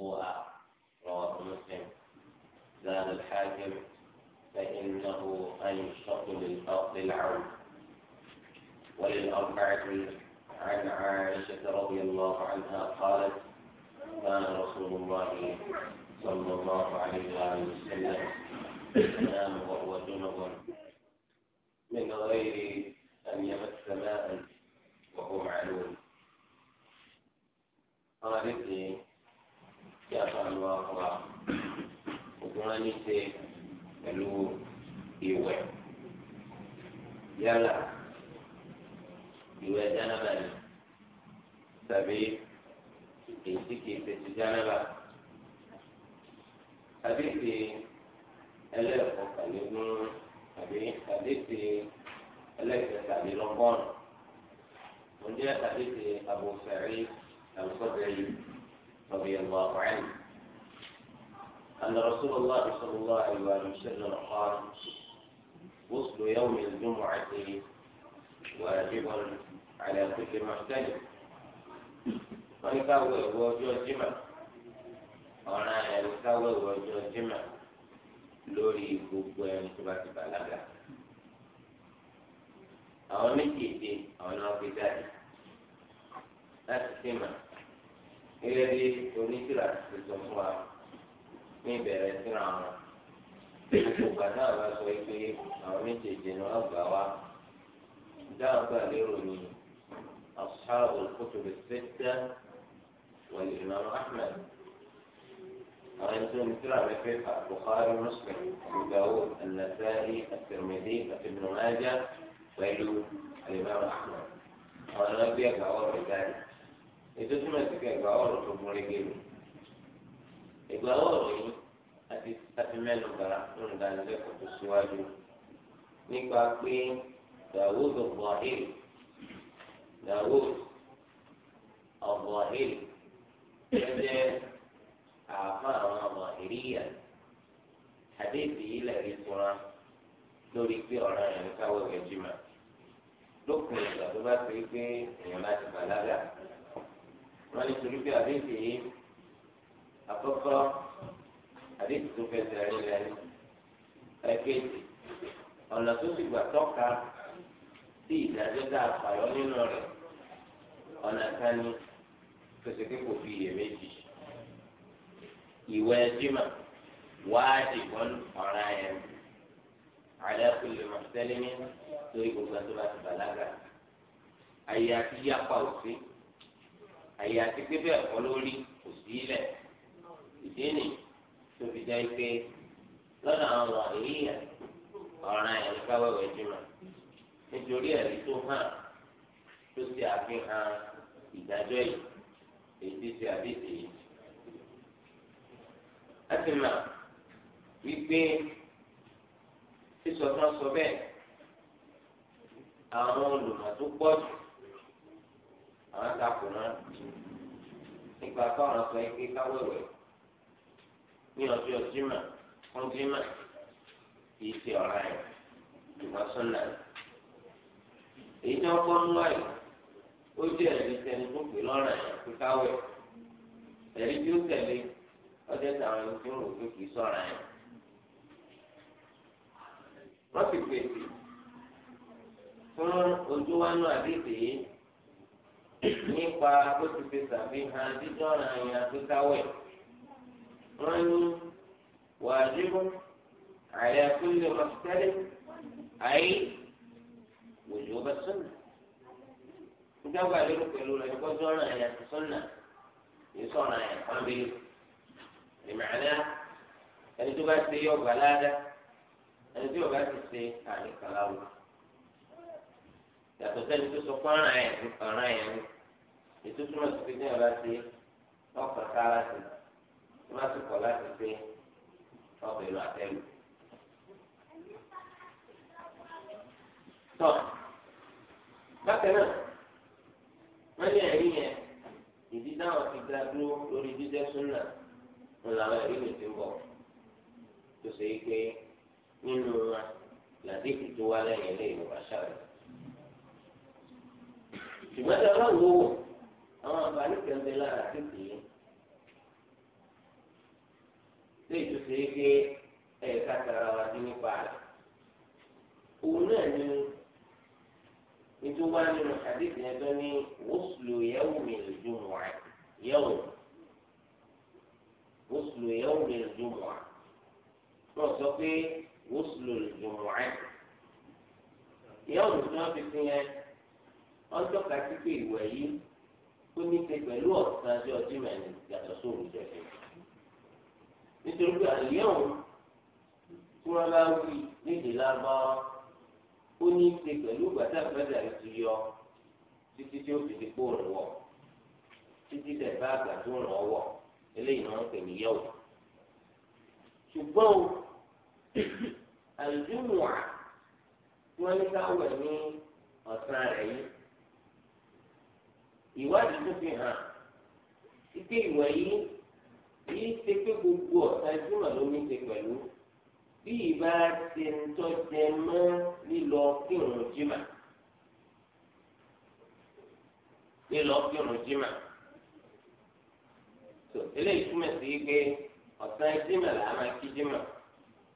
وضوءها رواه مسلم زاد الحاكم فإنه أنشط للفرد العون وللأربعة عن عائشة رضي الله عنها قالت كان رسول الله صلى الله عليه وسلم ينام وهو جنب من غير أن يمس ماء وهو معلوم قالت لي kí àtàlù àfúrà ògùn wọn ní ṣe pẹ̀lú ìwẹ̀ yálà ìwẹ̀ jánábà ni tàbí èyí kìí ṣe ti jánábà tàbí ti ẹlẹ́ẹ̀kọ́ kàlẹ́gùn tàbí tàbí ti ẹlẹ́ẹ̀kẹ́ tàbí lọ́gọ́rùn-ún. Mo jẹ́ tàbí ti àbòsẹ̀rí yìí. رضي الله عنه أن رسول الله صلى الله عليه وسلم قال وصل يوم الجمعة واجب على كل محتجب ونكاوي وجوه الجمعة ọ̀ràn ẹ̀rù káwé ìwọ́jọ́ jimá lórí gbogbo ẹni tó bá ti bàlágà. àwọn méjèèjì ilé bí onísìlà ti sọ fún wa ní ìbẹ̀rẹ̀ síra wọn ìgbà náà bá sọ pé àwọn méjèèjì ni wọ́n gbà wá dáhùn gbà lérò ní أصحاب الكتب الستة والإمام أحمد وأنتم مثل على فقه البخاري ومسلم أبو داود النسائي الترمذي ابن ماجه وإلو الإمام أحمد وأنا أبي أقع ذلك ètò túmọ̀ sí kẹ́ ìgbà ọ̀rọ̀ tó gún régé mi ìgbà ọ̀rọ̀ yìí àti àti mẹ́nu bá ń dánilẹ́kọ̀ọ́ tó síwájú nípa pé Dawud ọ̀bọ̀hìn Dawud ọ̀bọ̀hìn jẹ́ àáfà àwọn ọ̀bọ̀hìríyà àdéhìí ilẹ̀ ìtura lórí pé ọ̀ràn ẹ̀ ń káwọ́ ẹ̀jìmá lópin ìgbà tó bá ti rí pé èèyàn láti bàlágà wọn ní torí pé àdéhùn yìí àkọ́kọ́ àdéhùn tó fẹsẹ̀ rẹ̀ lẹ́nu ẹ̀kejì ọ̀nà tó ti gbà tọ́ka sí ìdájọ́ dá àpàyọ nínú rẹ̀ ọ̀nà kan ní pèsè pé kò fi iyèméjì ìwẹ̀ jimá wájibun ọ̀ràn yẹn ala kulli muhsalimin torí gbogbo àti bàtà bàlágà ayé àti yapa òsì. àyè àti pé bẹ́ẹ̀ kọ́ lórí kò sí ilẹ̀ ìdí nì tóbi jẹ́ pé lọ́dọ̀ àwọn wàhálì yà ọ̀ràn yẹn wẹ̀wẹ̀ jùlọ nítorí ẹ̀rí tó hàn tó ṣe àfihàn ìdájọ́ yìí èyí ti àdéhùn sọ bẹ́ẹ̀ àwọn olùmọ̀ tó pọ̀ àwọn takò náà nípa káwọn sọ ike káwéwé ní ọjọ́ ọrụ fún jimá kìí ṣe ọ̀rá yẹn ìwọ sọ́nà èyí tí wọ́n kọ́ ń lọ ó jẹ́ ẹ̀rí tẹni tó pè káwé ẹ̀rí tí ó tẹ̀lé ọjọ́ táwọn nípa bó ti fi sàfihàn dídọ́ra ìyá tó káwẹ̀. wọ́n ní wàdìbò àyà tó lè mọ̀ tẹ́lẹ̀ àyè wòlíwò bá sọ̀nà. nígbàgbà lérò pẹ̀lú rẹ̀ kó dọ́ra ìyá tó sọ̀nà ní sọ̀nà ìyá kan bí ìmọ̀lá ẹni tó bá ti yọ bàlá dá ẹni tó bá ti ṣe àyè kàláwò yàtọ̀ sẹ́ni tó sọ fún ọ̀ràn ẹ̀ ọ̀ràn ẹ̀ ni ètò túmọ̀ sí pé níyàrá ṣe ọkọ̀ sára sí i má sì kọ̀ láti ṣe ọkọ̀ ìlú àtẹ́lu. tọ́ bákan náà wọ́n ní ẹ̀rí yẹn ìdí táwọn ti dá dúró lórí jíjẹ́ súnà ń làwọn ẹ̀rí mi ti ń bọ̀ tó ṣe é pé nínú wa làdéhùn tó wá lẹ́yìn ilé ìwà rẹ̀ ṣùgbọ́n tí a bá wò wò àwọn àǹfààní kẹ̀mbẹ́ lára ti tì ṣé ìtúsí ike ẹ̀ka tara wa dín nípa rẹ̀ òun náà ni nítorí wá nínú hadith yẹn tó ní wosùlù yẹwò mi lójú mọ́ ẹ yẹwò wosùlù yẹwò mi lójú mọ́ ẹ wọ́n sọ pé wosùlù lójú mọ́ ẹ yẹwò tó ń fi sí yẹn wọ́n tọ́ka sí pé ìwẹ̀ yìí ó ní ṣe pẹ̀lú ọ̀sán ọjọ́ jìmọ̀ ẹ̀nì yàtọ̀ sóòrùn jẹ̀jẹ̀ nítorí pé àyẹ̀wò tí wọ́n bá wí nídìí lágbára ó ní ṣe pẹ̀lú gbàtà gbàdà ti yọ títí tí ó fi di pò rẹ̀ wọ̀ títí tẹ̀ bá àgbà tó ràn ọ́ wọ̀ eléyìí ni wọ́n pè ní yẹ̀wò ṣùgbọ́n àìjùmọ̀ wọ́n ní káwọ̀ ní ọ̀sán rẹ̀ yìí ìwádìí tó fi hàn ike ìwẹ̀ yìí yìí ṣe pé gbogbo ọ̀sán ìjùmọ̀ ló ní ṣe pẹ̀lú bí ìbá ṣe ń tọ́jẹ mọ́ lílọ kírun jìmà lílọ kírun jìmà tó eléyìí túmọ̀ sí pé ọ̀sán jìmà là á máa kí jìmà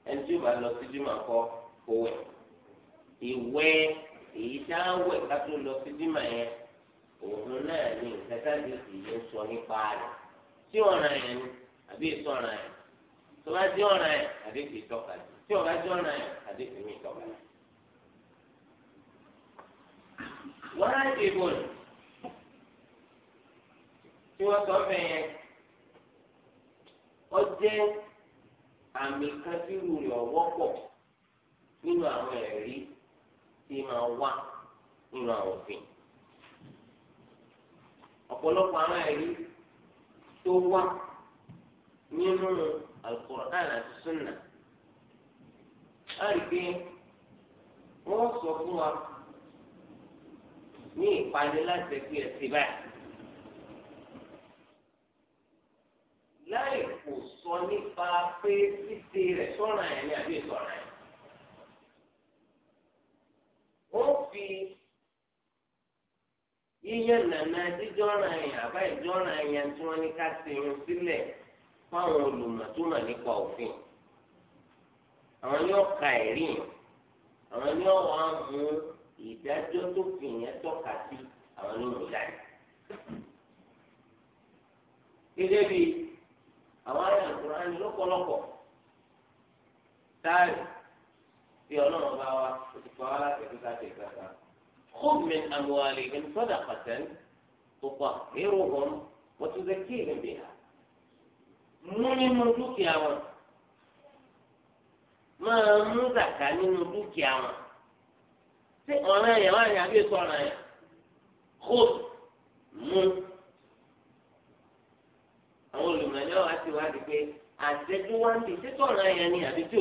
ẹni tí ó bá lọ sí jìmà kọ́ kó wẹ̀ èyí tá a wẹ̀ ká tó lọ sí jìmà yẹn òun náà ní ìtẹ́tàdé ìyé ń sọ nípa rẹ̀ tí ọ̀ràn yẹn ni àbí èso ọ̀ràn yẹn tó bá jẹ́ ọ̀ràn yẹn àbí kì í tí ọ̀ràn jẹ́ ọ̀ràn yẹn àbí kì í tọ́ka wọ́n á dì bò ní tí wọ́n sọ fẹ́ yẹn ó jẹ́ àmì kan tí rúurì nínú àwọn ẹ̀rí tí máa wá nínú àwọn òfin ọ̀pọ̀lọpọ̀ àwọn ẹ̀rí tó wá nínú alukur'an àti sunna láì gbé sọ fún wa ní ìpàdé láti ẹgbẹ́ ẹ̀sìn báyìí. láì kò sọ nípa pé ṣíṣe rẹ̀ sọ̀ràn ẹ̀ ní àbí ìsọ̀ràn ẹ̀. wọ́n fi yíyẹ nànà jíjọ́ra yẹn àbá ìjọ́ra yẹn tí wọ́n ní ká ṣe irun sílẹ̀ fáwọn olùmọ̀ tó mọ̀ nípa òfin àwọn yóò ka ẹ̀rí yẹn àwọn yóò wá mú ìdájọ́ tó fi yẹn tọ́ka sí àwọn yóò mú dání. gẹ́gẹ́ bí àwọn ayé àkùrọ̀ ẹni lọ́pọ̀lọpọ̀ táàrí bí ọlọ́run bá wa ó ti pa wá láti ẹ̀kọ́ ká ṣe ìgbà kan. خذ من أموالهم صدقة تطهرهم وتزكيهم بها من ملوك يا ما مزك من ملوك يا من سأنا يا من يا بيت أنا خذ من àwọn olùmọ̀lẹ́ wa ti wá di pé àtẹ́jú wá ń bì sí tọ̀ràn yẹn ni àbí tí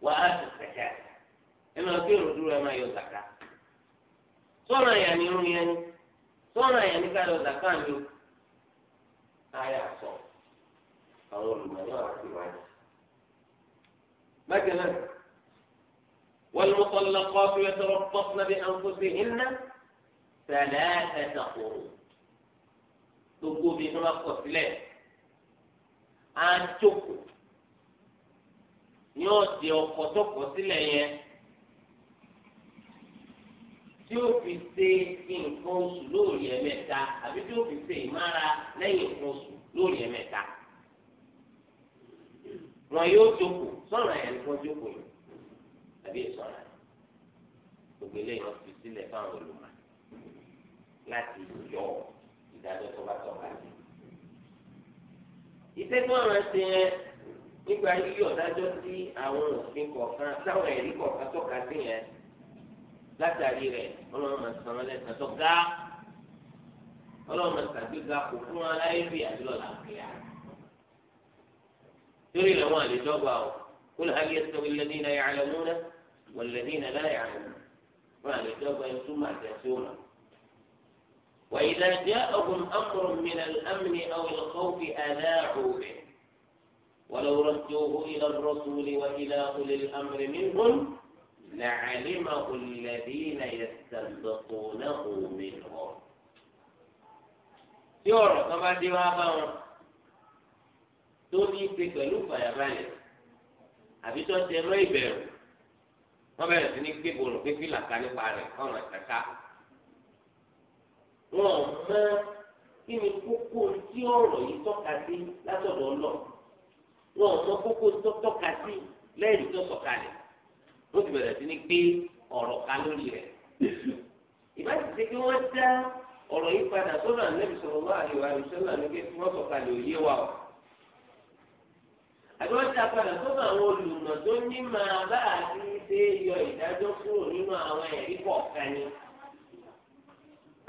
wà á ti sẹ̀kẹ́ ẹ máa kí irun dúró ẹ máa yọ zàká sọ́nà ẹ̀yà ni irun yẹn ni sọ́nà ẹ̀yà ká yọ zàká ni ayà sọ àwọn olùmọ̀ náà ti wáyé. bákan náà والمطلقات يتربصن بأنفسهن ثلاثة قروء gbogbo obìnrin tó bá kọ̀ sílẹ̀ á jókòó ni ó di ọkọ tó kọ sílẹ̀ yẹn tí ó fi ṣe nǹkan oṣù lórí ẹ̀mẹ́ta àbí tí ó fi ṣe ìmára lẹ́yìn nǹkan oṣù lórí ẹ̀mẹ́ta wọn yóò jókòó sọ̀rọ̀ ẹ̀ ní wọ́n jókòó yìí àbí ìsọ̀rọ̀ ẹ̀ gbogbo eléyìí wọ́n fi sílẹ̀ fáwọn olùmọ̀ láti yọ ìdájọ́ tó bá tọ́ka sí. ìṣẹ́gun ọ̀rọ̀ ti yẹn. nípa yíyí ọ̀dájọ́ sí àwọn òfin kọ̀ọ̀kan sáwọn ẹ̀rí kọ̀ọ̀kan tọ́ka sí yẹn látàrí rẹ̀ ọlọ́run máa san lẹ́sàn tó ga ọlọ́mọ sàn máa ṣàgbéga kò fún wa láyé bí àdúrà làkúyà torí làwọn àlejòba o kó lè hàlẹ́ sọ́wọ́ ilé nínú ayé àlẹ́ múná wọlé nínú láyé àlẹ́ múná wọn àlejòba yẹn tẹ̀ sí wọn. وإذا جاءهم أمر من الأمن أو الخوف أذاعوا به ولو ردوه إلى الرسول وإلى أولي الأمر منهم لعلمه الذين يستنبطونه منهم tí ọ̀rọ̀ kan bá dé wá bá wọn tó ní í ṣe pẹ̀lú fàyàbalẹ̀ àbí tó ti ẹ̀rọ ìbẹ̀rù wọ́n bẹ̀rẹ̀ sí ní gbé bòrò pé fìlà nípa rẹ̀ ọ̀ràn kàkà wọn mọ kí ni kókó tí ọ̀rọ̀ yìí tọ́ka sí látọ̀dọ̀ ọlọ́run wọn ò sọ kókó tó tọ́ka sí lẹ́yìn tó sọ̀kalẹ̀ wọ́n ti bẹ̀rẹ̀ sí ní pé ọ̀rọ̀ ká lórí rẹ̀ ìbáṣe ṣe kí wọ́n dá ọ̀rọ̀ yìí padà sọ́dọ̀ ànábì sọ̀rọ̀ wá àríwá àríṣẹ́lá ní pé wọ́n sọ̀kalẹ̀ òye wa o àbí wọ́n dá padà sọ́dọ̀ àwọn olùmọ̀ tó ní máa bá àti ṣe yọ ìdájọ́ kúrò nínú àwọn ẹ̀rí kọ̀ọ̀kan ni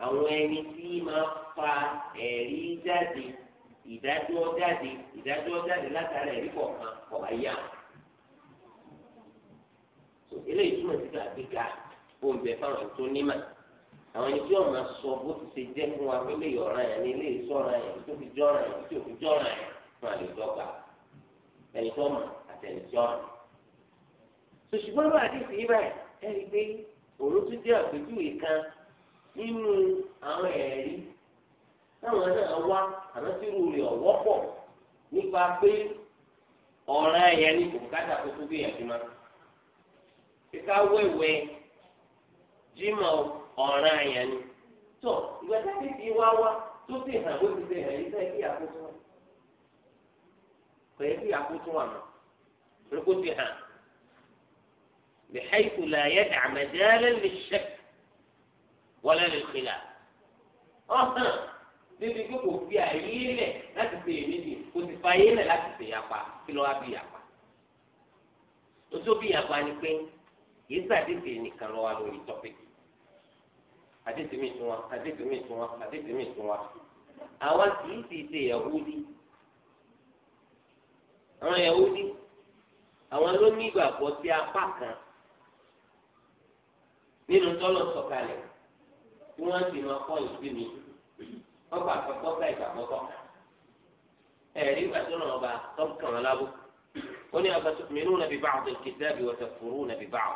àwọn ẹni tí máa fa ẹ̀rí jáde ìdájọ́ jáde ìdájọ́ jáde látara ẹ̀rí kọ̀ọ̀kan ọ̀bá yá eléyìí túmọ̀ sí ká gbéga oúnjẹ fáwọn tó nímà àwọn ẹni tí wọn máa sọ bó ti ṣe jẹ fún wa pé lè yọ̀ọ̀ràn yẹn ní eléyìí sọ̀ràn yẹn tó fi jọ̀ràn yẹn tó fi jọ̀ràn yẹn fún àlè dọ́gba ẹni tó mọ̀ àti ẹni tí ọ̀ràn. sòṣùgbọ́n ló àdìsí yìí báyìí ẹni pé òun tún jẹ́ àpèjúwe kan nínú àwọn ẹ̀rí táwọn náà wá àmọ́ rẹ̀ ọ̀wọ́ nípa pé ọ̀ràn ẹ̀yẹ ní bùkátà tó tó gbìyànjú ma. Kíká wẹ̀wẹ̀ jímọ̀ ọ̀ràn ẹ̀yẹ ni. Tọ́ ìgbà táyì ti wá wá tó sì hàn bó ti ṣe hàn yìí sẹ́yìn kí àkótó wà. kí àkótó wà ti hàn. níbi pé kò fi àyè lẹ̀ láti ṣe èméjì kò sì fa àyè lẹ̀ láti ṣe yapa kí ló wá bí yapa. ó tó bí yapa ni pé yìí sàdédé nìkan lọ́wọ́ lórí tọ́pìkì àdédé mi tún wa àdédé mi tún wa àdédé mi tún wa àwa kì í sì ṣe Yahudi àwọn Yahudi àwọn ló ní ìgbàgbọ́ sí apá kan nínú tọ́lọ̀ sọ̀kalẹ̀ tí wọ́n sì máa kọ́ ìsinmi wọ́n gbà kọ́kọ́ ká ìgbà kọ́kọ́ ẹ̀rí ìgbà tó lọ́nà ọba tó ń kàn án lábò ó ní أفتؤمنون ببعض الكتاب وتكفرون ببعض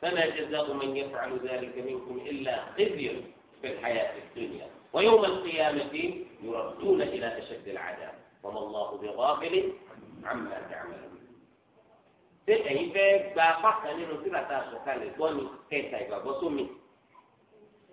فما جزاء من يفعل ذلك منكم إلا خزي في الحياة الدنيا ويوم القيامة يردون إلى أشد العذاب وما الله بغافل عما تعملون ṣé ẹ̀yin fẹ́ gba apá kan nínú sílàtà àṣọkalẹ̀ gbọ́ ni kẹta ìgbàgbọ́ sómi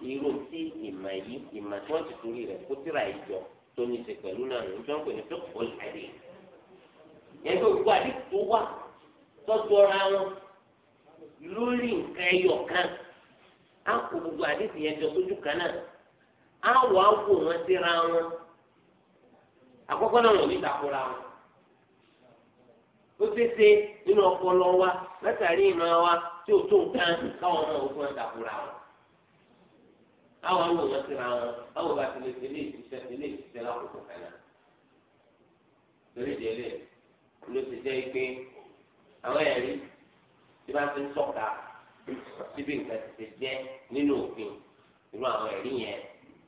irú tí ìmọ̀ yìí ìmọ̀ tí wọ́n ti torí rẹ̀ kó tíra yìí tó ní ṣe pẹ̀lú náà ní tó ń pè ní tó kọ́ ìpàdé yẹn tó gbọ́ àdé tó wà tọ́jú wọn lórí nǹkan ẹyọ kan á kó gbogbo àdé yẹn jọ sójú kan náà á wọ àwò wọn síra wọn àkọ́kọ́ náà wọ́n ní wọn ó nínú àwọn ń lò wọn síra wọn báwo bá ti lè fi ilé ìṣiṣẹ́ ilé ìṣiṣẹ́ lákòókò kan náà lórí ìdílé ló ti jẹ́ pé àwọn ẹ̀rí tí bá ti ń tọ́ka síbi nǹkan ti ti jẹ́ nínú òfin irú àwọn ẹ̀rí yẹn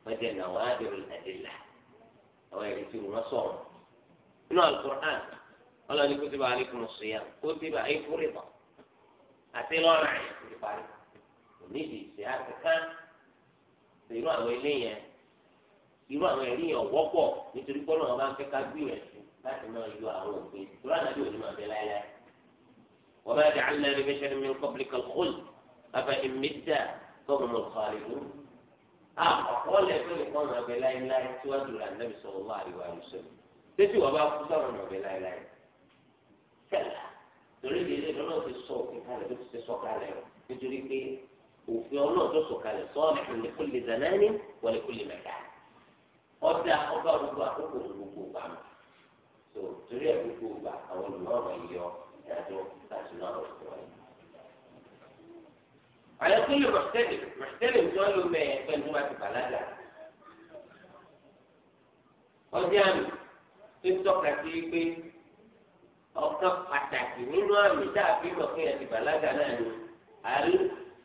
wọ́n jẹ́ nàwọn àdéhùn àdéhùn àwọn ẹ̀rí tí wọ́n sọ̀rọ̀ nínú alukur'an ọlọ́ni kó ti bá alẹ́ kùn sí ya kó ti bá ayé kúrè bọ̀ àti lọ́rọ̀ àyè kò ti parí kò ní ìdí ìṣe àti kan irú àwọn ilé yẹn irú àwọn ẹ̀rí yẹn wọ́pọ̀ nítorí pọ́nlọ́ wọn bá ń fẹ́ ká gbìyànjú láti máa yọ àwọn òfin ìtura nàbí òní máa bẹ láéláé. wọ́n bá dàá lẹ́nu bí sẹ́ni mi kọ́ bí kọ́kọ́l bàbá ìmídà tọ́mù mọ̀ kọ́lẹ́dù. a ọ̀pọ̀ lẹ́fẹ́ nìkan máa bẹ láéláé síwájú rà nàbì sọ̀rọ̀ wá àríwá àrùsọ̀rọ̀. tètè wọ́n bá kú sáwọn máa bẹ láéláé. kẹ́lá torí ilé lọ́nà òfin ọlọ́run tó sọ̀kalẹ̀ sọ́ọ̀nù li kulli zamani wa li kulli makan ọ̀dà ọba gbogbo àkókò gbogbo gbà mọ́ tó torí ẹ̀ gbogbo gbà àwọn olùmọ̀ràn yọ ìdájọ́ láti náà lọ sí wáyé. على كل محتلم محتلم tí wọ́n lò mẹ́ ẹ̀fẹ́ ní wọ́n ti bàlágà ọjà mi tó tọ́ka sí pé ọ̀kan pàtàkì nínú àmì tá a fi mọ̀ pé ẹ̀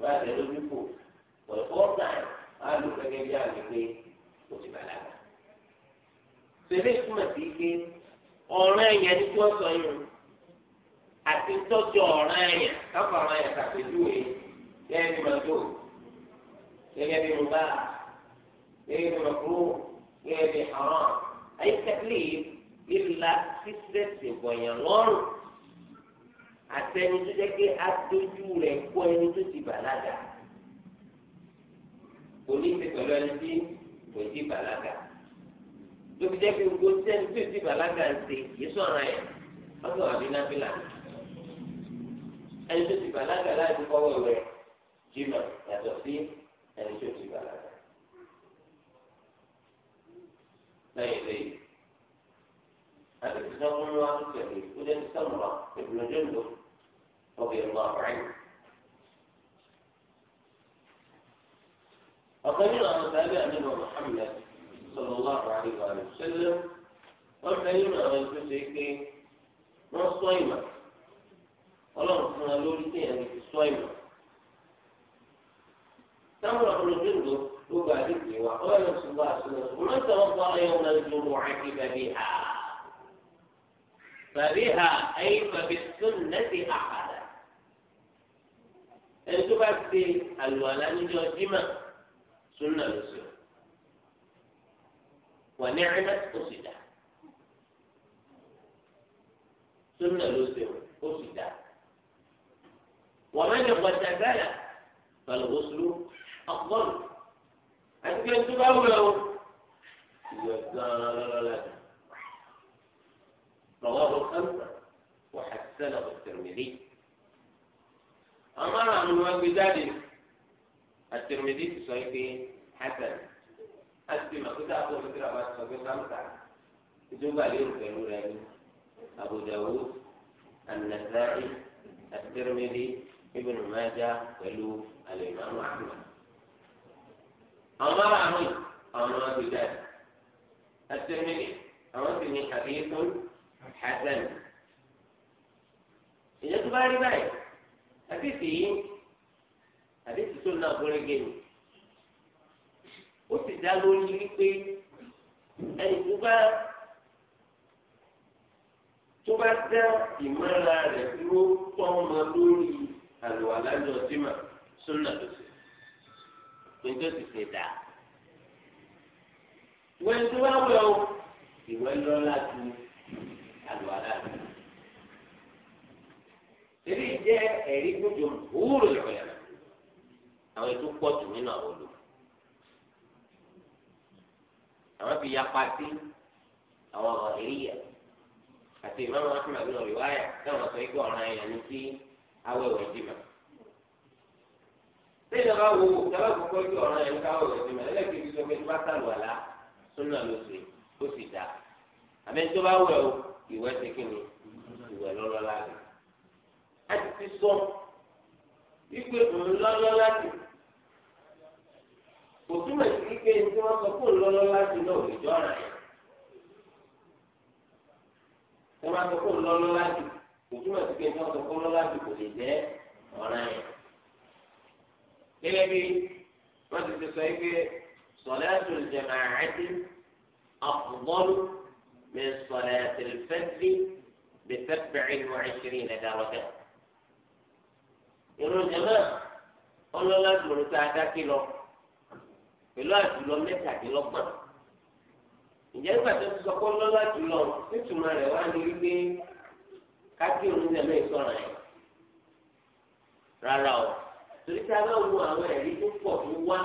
ìbáṣẹ lójú kò pẹ̀lú ọ̀gá àlù gẹ́gẹ́ bí àmì pé kò ti bàlágà. Sèlé túmọ̀ sí pé ọ̀ràn ẹ̀yàn ní kí wọ́n sọ yìí àti tọ́jú ọ̀ràn ẹ̀yàn káfọ́ ọ̀ràn ẹ̀yàn ṣàpèjúwe gẹ́gẹ́ bí mọ̀tò gẹ́gẹ́ bí mọ̀bá gẹ́gẹ́ bí mọ̀kúrò gẹ́gẹ́ bí ọ̀ràn ayé tẹ́kílì ìlà sísẹ́sì bọ̀yàn lọ́rùn àtẹni tó jẹ́ pé adójú rẹ̀ kó ẹni tó ti bàlágà kò ní ṣe pẹ̀lú ẹni tí kò ti bàlágà tó fi jẹ́ pé gbogbo sẹ́ni tó ti bàlágà ń ṣe yìí sọ̀rọ̀ ẹ̀ ọ̀sọ̀ àbí nábìlà ẹni tó ti bàlágà láti kọ́wọ́ rẹ̀ jìnnà yàtọ̀ sí ẹni tó ti bàlágà. lẹ́yìn lẹ́yìn àti ìdánwò wa ń tẹ̀lé ó lé ní sàmùrà ìbùdó ń lò. رضي الله عنه أقلنا وتابع منه محمد صلى الله عليه وآله وسلم وحينا من والصيمة ولو كنا لولتين يعني في الصيمة تمر بن جندب لي وقال صلى الله عليه وسلم من توضأ يوم الجمعة فبها فبها أي فبالسنة أحد ẹni tó bá ṣe àlùwàlá níjọ́ jimá súnà ló sọ wà ní ẹ̀rẹ́mẹ́ ó sì dá súnà ló sọ ó sì dá wà má nyẹ pàṣẹ àgbáyà balùwẹ̀ oṣù ọgbọ́n àti pé tó bá wúlò ó ìwé gan-an lọ́lọ́lá rọwọ́ ló kàn wà á sẹ́nà ọ̀sẹ̀ mìíràn. أمر أن يوفي ذلك الترمذي في صحيح حسن أسلم كنت أقول مثل أبو أسلم في خمسة يجب عليهم في الأولى أبو داوود النسائي الترمذي ابن ماجه ولو الإمام أحمد أمر أن يوفي ذلك الترمذي أمرني حديث حسن إذا تبارك àdéhùn yìí àdéhùn tó náà gbọ́rẹ́gẹ́ ni ó sì dá lórí wípé ẹni tó bá tó bá dá ìmọ̀ra rẹ̀ dúró tọ́ ọmọ lórí àlùwà lájọ símà súnà tó sì péjọ sì ṣe dà wọ́n ti wá wẹ̀ o lọ́la ju àlùwà lájọ tẹ̀lé jẹ́ ẹ̀rí gbójú òwúrò lọ́yà àwọn ètò pọ̀ jù nínú àwọn olùkọ́ àwọn fi yapa sí àwọn ọ̀rọ̀ èyíyà àti ìmáàmù ahmed náà rí wáyà táwọn sọ ikú ọ̀ràn ẹ̀yà ní sí awẹ́wẹ̀ jìmà sẹ́yìn bá wo ìjọba àkọ́kọ́ ikú ọ̀ràn ẹ̀yà ní awẹ́wẹ̀ jìmà ẹlẹ́gbẹ̀ẹ́ ti sọ pé bá sàlù àlá súnà ló ṣe ó sì dá àmì a ti ti sọ wípé òun lọ́lọ́ láti kò túmọ̀ sí wípé tí wọ́n sọ fún lọ́lọ́ láti náà ò lè jọ ara yẹn tí wọ́n sọ fún lọ́lọ́ láti kò túmọ̀ sí pé tí wọ́n sọ fún lọ́lọ́ láti kò lè jẹ́ ọ̀ra yẹn. gẹ́gẹ́ bí wọ́n ti ti sọ wípé sọ̀lẹ́tù jẹ̀màáàtì afdalu min sọ̀lẹ́tì fẹ́ẹ́lì bẹ́ẹ̀ fẹ́ẹ́ bẹ̀rẹ̀ ní wọ́n ṣe rí ìlẹ̀dá lọ́jọ́. ìrun jẹmọ ọlọ́lá tá a dákì lọ pẹ̀lú àjùlọ mẹ́tàdínlọ́gbọ̀n ìjẹ́ nígbà tó sọ pé ọlọlá jùlọ nítumọ̀ rẹ̀ wá ní wípé kájí òun jẹmọ ìsọ̀rọ̀ yẹn rárá o torí a bá wo àwọn ẹ̀rí tó pọ̀ wá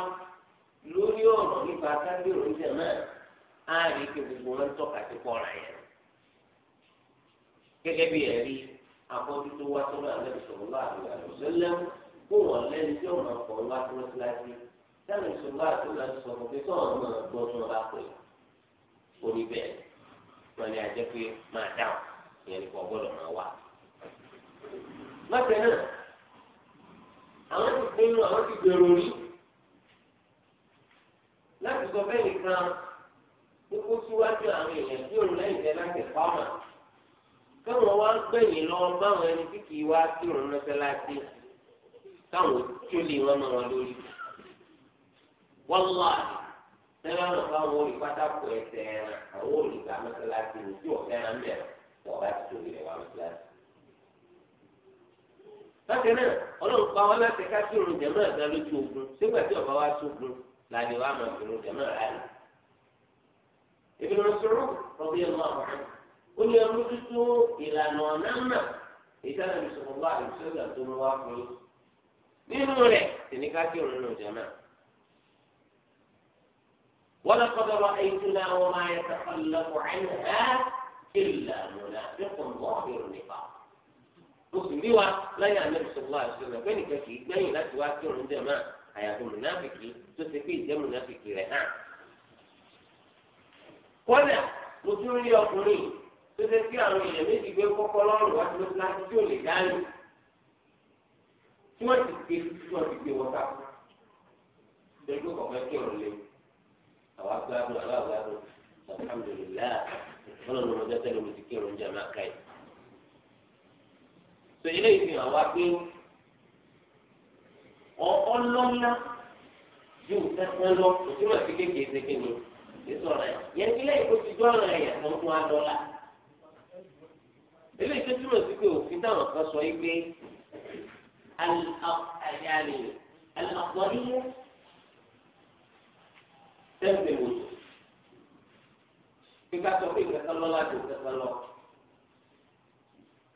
lórí ọ̀rọ̀ nípa òun á rí kí gbogbo wọn tọ́ka sí pọ̀ yẹn gẹ́gẹ́ àkọ́jú tó wá tó náà lẹ́bi sọ̀rọ̀ láàbí àlùsẹ́lẹ̀ kó wọ́n lẹ́ni tí ọ̀nà ọ̀pọ̀ wá tó láti sẹ́ni sọ̀rọ̀ láti náà sọ̀rọ̀ pé sọ̀rọ̀ náà gbọ́ tó bá pè orí bẹ́ẹ̀ wọ́n ní ajẹ́ pé máa dáhùn ìyẹn ní kò gbọ́dọ̀ máa wá. lọ́sẹ̀ náà àwọn ti pinnu àwọn ti gbèrò rí láti sọ bẹ́ẹ̀ nìkan kókó síwájú àwọn èèyàn tí òun lẹ́yìn tẹ́ láti fáwọn. káwọn wá gbẹ̀yìn lọ báwọn ẹni tí kìí wá sí òun mọ́sálásí káwọn tó lè wọn mọ́ wọn lórí. wọ́lá ẹ̀rọ náà báwọn olùpátákó ẹsẹ̀ àwọn olùgbà mọ́sálásí ní tí ọ̀fẹ́ ẹran bẹ̀rẹ̀ wọ́n ti wá náà ọlọ́run pa wọn láti ká sí òun jẹ̀mọ́ ẹ̀dá lójú ogun sígbà tí ọba wá sógun òun jẹ̀mọ́ ẹ̀dá ó lè mójútó ìlànà ọ̀nà náà ìdáná ní sọ̀rọ̀ bá àdìsí ọ̀gá tó ń wá fún yín nínú rẹ̀ sì ní ká kí òun nù jẹ́ náà. ولقد رأيتنا وما يتخلف عنها إلا منافق ظاهر النفاق مسلمي لا يعمل صلى الله عليه وسلم بين كفي بين لا تواكر عندما هيكون منافقي تسكي ده منافقي رهان قلنا مسلمي يقولين tó ṣe kí àwọn èèyàn méjì gbé kọ́kọ́ lọ́rùn wá tó láti tí ò lè dání tí wọ́n ti gbé tí wọ́n ti gbé wọ́n ká lójú kọ̀ọ̀kan kí ọ̀rọ̀ lé àwọn agbádùn aláàgbádùn alhamdulilayi ọlọ́run ọmọdé tẹ́lẹ̀ mo ti kí ọ̀rọ̀ ń jẹ́ àmàkà yìí. sọ ilé ìfihàn wa pé ọlọ́lá yóò tẹ́tẹ́ lọ òtún àti kékeré ṣe kéde yẹn ti lẹ́yìn tó ti dọ́ọ̀rọ̀ ẹ̀yà tó ń fún wa eléyìí tó túmọ̀ sí pé òfin táwọn kan sọ yìí pé àlàkọ́níyẹ tẹ́ǹpẹ̀ wò lò pípa sọ pé ìkẹta lọ láti ìkẹta lọ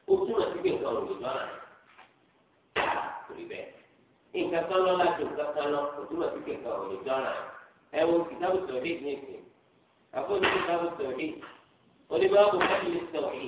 ó túmọ̀ sí pé nǹkan òwò lọ́nà kò rí bẹ́ẹ̀ ìkẹta lọ láti ìkẹta lọ ó túmọ̀ sí pé nǹkan òwò lọ́nà ẹ wo kìtàbù tọ̀rí ní ìsìn àfọ̀nù kìtàbù tọ̀rí oníbàbò fẹ́ẹ́ ní tọ̀rí.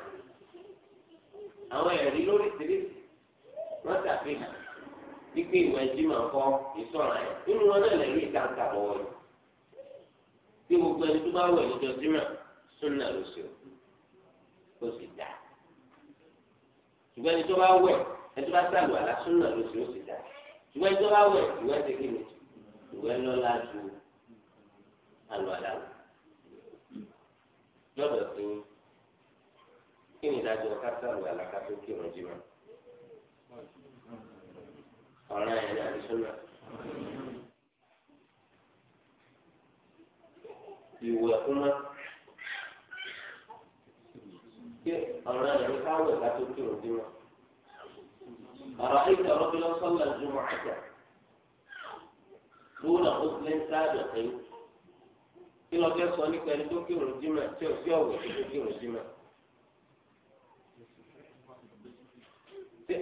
àwọn ẹ̀rí lórí tìrìsì wọ́n ṣàfihàn wípé ìwẹ̀ jimá kọ́ ìsọ̀rọ̀ ẹ̀ nínú wọn náà lẹ́yìn ìtàǹkà lọ́wọ́ yìí tí gbogbo ẹni tó bá wẹ̀ lọ́jọ́ jimá súnà ló ṣe ó sì dá ṣùgbọ́n ẹni tó bá wẹ̀ ẹni tó bá sàlù àlá súnà ló ṣe ó sì dá ṣùgbọ́n ẹni tó bá wẹ̀ ìwẹ̀ ti kí ni ìwẹ̀ lọ́la ju àlọ́ àlá lọ́dọ̀ sí yín. kí ni ìdájọ́ kásánù àlàkàtó kí wọn jí mọ ọ̀ràn ẹ̀ ní àdísọ́nà. ìwẹ̀ kúmá kí ọ̀ràn ẹ̀ ní káwọ̀ ìdájọ́ kí wọn jí mọ. أرأيت رجلا صلى الجمعة دون غسل سابق إلى كيف صلى كان يقول كيف رجمة كيف يوم كيف رجمة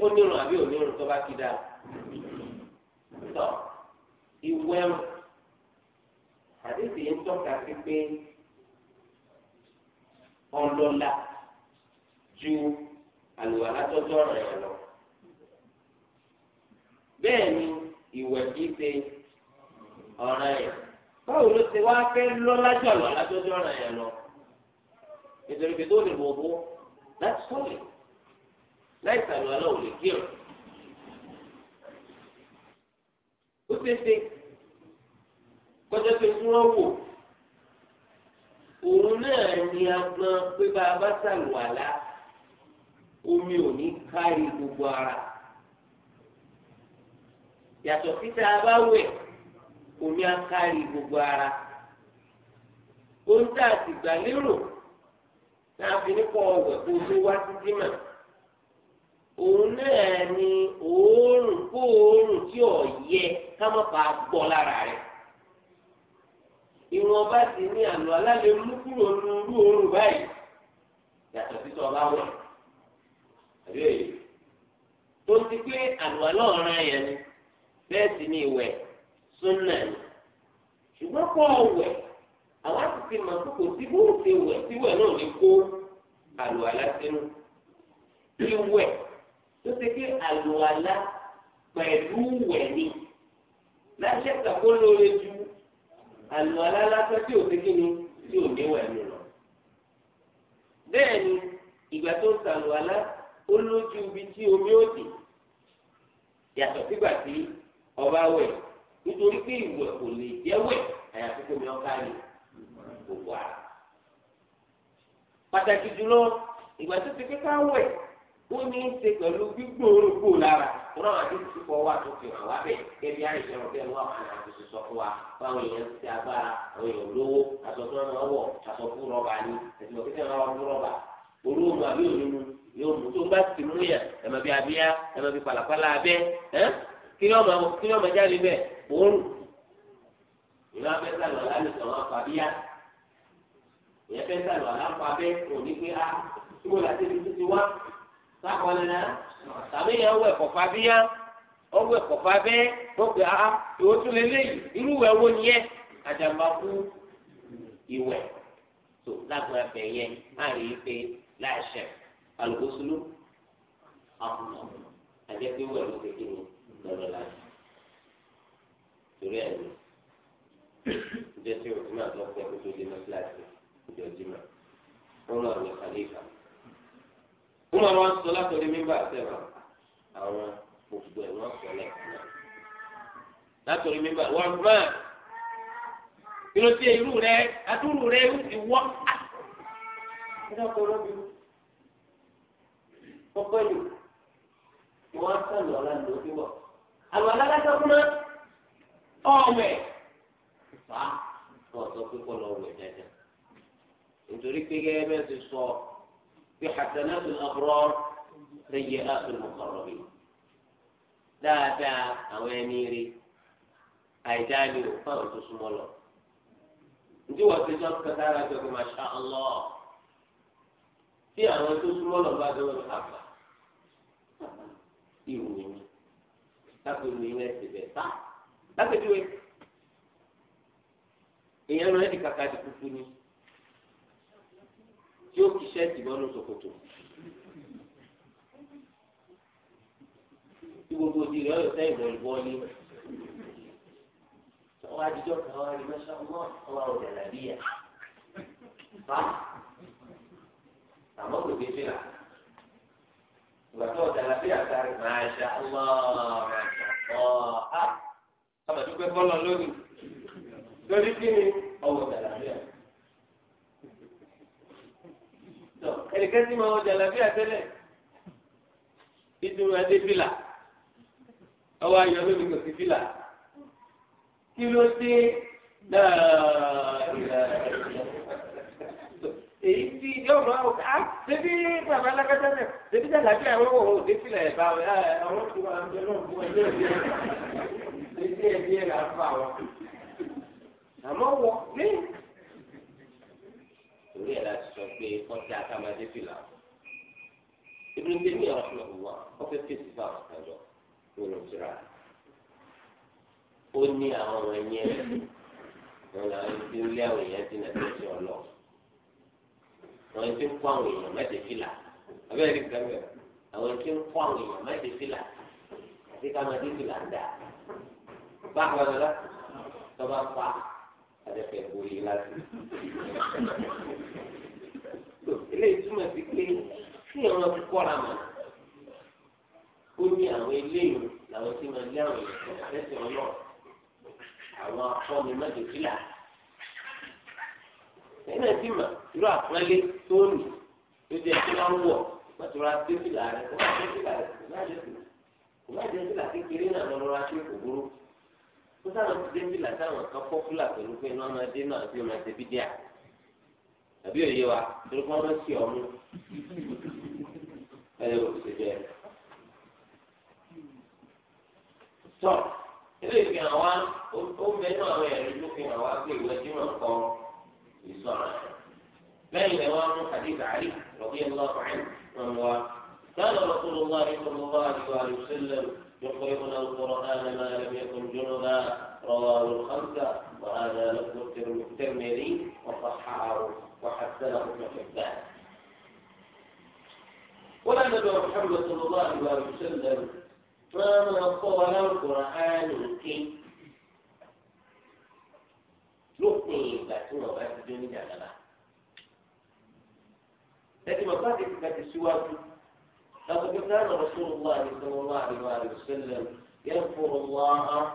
ó nírun àbí ò nírun tó bá ti dáa tọ ìwọ ẹrù àdéhùn yìí ń tọ́ka sí pé ọlọ́lá ju àlùwàlá tọ́jú ọ̀ràn yẹn lọ bẹ́ẹ̀ ni ìwẹ̀ kì í ṣe ọ̀ràn yẹn báwo ló ṣe wáá fẹ́ lọ́lá ju àlùwàlá tọ́jú ọ̀ràn yẹn lọ nítorí pé tó lè wọ̀ bó láti sọ̀rọ̀ láì sàlù alẹ́ ò lè kírun ó ṣeéṣe kọjá pé kí wọ́n wò òun náà ní agbọn pé bá a bá sàlù àlá omi ò ní kárí gbogbo ara yàtọ̀ síta bá wẹ̀ omi á kárí gbogbo ara ohun tá a sì lérò náà fi ní kọ́ ọ̀wẹ̀ kó tó wá títí mọ̀. òun náà ni òórùn kó òórùn tí ò yẹ ká má bàa gbọ́ lára rẹ̀ ìwọ̀n bá ti ní àlọ́ alálẹ̀ mú kúrò nínú irú òórùn báyìí yàtọ̀ ọba wọ̀ tó ti pé àlọ́ ọlọ́ọ̀rán yẹn ni bẹ́ẹ̀ sì ni ìwẹ̀ súnà ni ṣùgbọ́n kọ́ ọ̀wẹ̀ àwọn ti kókò tí bó ti wẹ̀ síwẹ̀ náà ní kó àlọ́ alásínú tó ti pé àlùwàlá pẹ̀lú wẹ̀ni láṣẹ kàkó lóore ju àlùwàlá lásán tí ò ti kí ni tí o ní wẹ̀ni lọ. bẹ́ẹ̀ ni ìgbà tó ń sàlùwàlá ó lójú ibi tí omi ó dì yàtọ̀ sígbà tí ọba wẹ̀ nítorí pé ìwẹ̀ kò lè jẹ́ wẹ̀ àyàfi kó mi ọ̀ká ni gbogbo ara. pàtàkì jùlọ ìgbà tó ti pé ká wẹ̀ ó ní í ṣe pẹ̀lú gbígbóòrò kó lára ìran àti ìsúpọ̀ wa tó fi hàn wá bẹ̀ kẹ́bí àìsàn ọ̀bẹ wa wà ní àti sísọ fún wa báwọn èèyàn ti agbára àwọn èèyàn lówó aṣọ tó máa wọ̀ aṣọ fún rọ́bà ni ẹ̀sìn òkúta máa wà fún rọ́bà olóòmù àbí òlùmù yóò mú tó ń bá ti mú yàn ẹ̀mọ bíi abíyá ẹ̀mọ bíi pàlàpàlà abẹ́ kí ni ọmọ jáde sáwọn nana tàbí yẹn wọ ẹ̀kọ́ fàbíyá ọwọ́ ẹ̀kọ́ fàbẹ́ gbọ́dọ̀ a ìwọ tún lè léyìí irú ìwẹ̀ wo ni yẹ àjàmbá kú ìwẹ̀ tó lágbára bẹ̀ yẹn láàrin yìí pé láìsẹ̀ alùpùpùsùlù àkùnà àjẹpẹ́ wẹ̀ ló ti kéwòn lọ́dọ̀ láti torí ẹ̀ ní ìjẹsí òtún àti ọ̀pọ̀ ẹ̀kọ́ tó dé mọ́síláàsì ìjọ jimá wọn lọ ní kàlífà wọn máa wọn sọ látọrí mímbà sẹba àwọn gbogbo ẹ wọn sọ lẹ́ẹ̀kan náà látọrí mímbà wọn máa irun tí irú rẹ adúrú rẹ ó ti wọ ah! á nígbà tó lóbi kọkọ yìí wọn á sàlù ọlá ní ojú bọ àlọ alágbàtà fún náà ọwẹ fà á wọn sọ pé kọ lọ wẹ jẹjẹ nítorí pé gẹ́gẹ́ bẹ́ẹ̀ ti sọ. بحسنات الأبرار سيئات المقربين لا تا أواميري أيداني فرد اسم جوا نجوا تجار كثارة ما شاء الله في أنا تسمى الله بعد الحبة يومين تقول لي نفسي بيتا تقول لي إيه أنا هذه كاكاتي كفوني tí ó kì í ṣẹ́ẹ̀tì bọ́nú ṣòkòtò. tí gbogbo ti rẹ̀ ọ̀yọ́ sẹ́yìn bọ̀lì bọ́ọ̀lì. ọwọ́ adijọ́ kan wá rí mẹ́sàn án mọ́ ọwọ́ àwọn ọ̀dà bí yà. fa àmọ́ kò dé fìlà. ìgbà tó ọ̀dà làbí àtàrí máa ṣe ọlọ́ máa ṣe ọ̀ á. àbàdúgbẹ́ bọ́lọ̀ lórí lórí kí ni ọwọ́ ọ̀dà ẹnìkan tí màá wọ jàlábíà tẹ́lẹ̀ nítorí adé fìlà ọwọ́ ayọ̀ lómi kò sí fìlà kí ló dé náà èyí tí yóò lọ àwọn ká débi bàbá alágbádá náà débi jàlábíà àwọn òwò òdé fìlà ẹ̀ bá àwọn tó wà ní ọlọ́run fún ẹgbẹ́ ẹ̀dí ẹ̀ ẹ̀dí ẹ̀ là ń fa àwọn àmọ́ wọ ní torí ẹ̀ láti sọ pé kọ́tí akámadé fìlà ibi ní bíbí ọ̀rọ̀ fún ọ̀wá wọ́n fẹ́ fèsì fún àwọn àjọ nínú ìtura ó ní àwọn ọmọ ẹ̀yẹ wọn làwọn ti ń lé àwọn èèyàn dínà tó ti ọlọ àwọn ti ń kó àwọn èèyàn má dé fìlà abẹ́rẹ́ ní gbàgbẹ́ àwọn ti ń kó àwọn èèyàn má dé fìlà àti kámadé fìlà ń dà báwo la tọ́ bá pa adẹ́fẹ́ borí láti. eléyìí túmọ̀ sí pé kí àwọn ti kọ́ra mọ̀ ó ní àwọn eléyìí làwọn tí máa lé àwọn èèyàn lẹ́sìn ọlọ́ọ̀ àwọn akọni mẹ́jọ̀kílà. ẹ̀yin náà ti mọ̀ irú àpọ́nlé tó nì tó jẹ́ kí wọ́n wọ̀ mọ̀tòrá tẹ́sílà rẹ̀ kò má tẹ́sílà rẹ̀ kò má jẹ́ sílà kékeré náà lọ́rọ́ ra sí kó sáwọn ti dé bílà táwọn kan kọ́ fúlà pẹ̀lú pé iná máa dé náà bí ó máa ṣe bí díà àbí òye wa torí kí wọ́n lọ sí ọmú ẹ ò ṣe bẹ́ẹ̀. tọ́ ilé ìfihàn wa ó mẹ́nu àwọn ẹ̀rí ló fi hàn wá pé ìwé jimá kọ ìsọ̀rọ̀ lẹ́yìn ẹ̀ wá mú àdìgbà àrí rọ̀bí ẹ̀ lọ́ọ̀rọ̀ ẹ̀ wọn wá. كان رسول الله صلى الله عليه وسلم يقرئنا القرآن ما لم يكن جنبا رواه الخمسة وهذا لفظ الترمذي وصححه وحسنه ابن حبان ولا نبي محمد صلى الله عليه وسلم ما من القرآن كي لقني باتون وباتون جنبا لكن مصادر كانت سواكي لقد كان رسول الله صلى الله عليه وسلم يذكر الله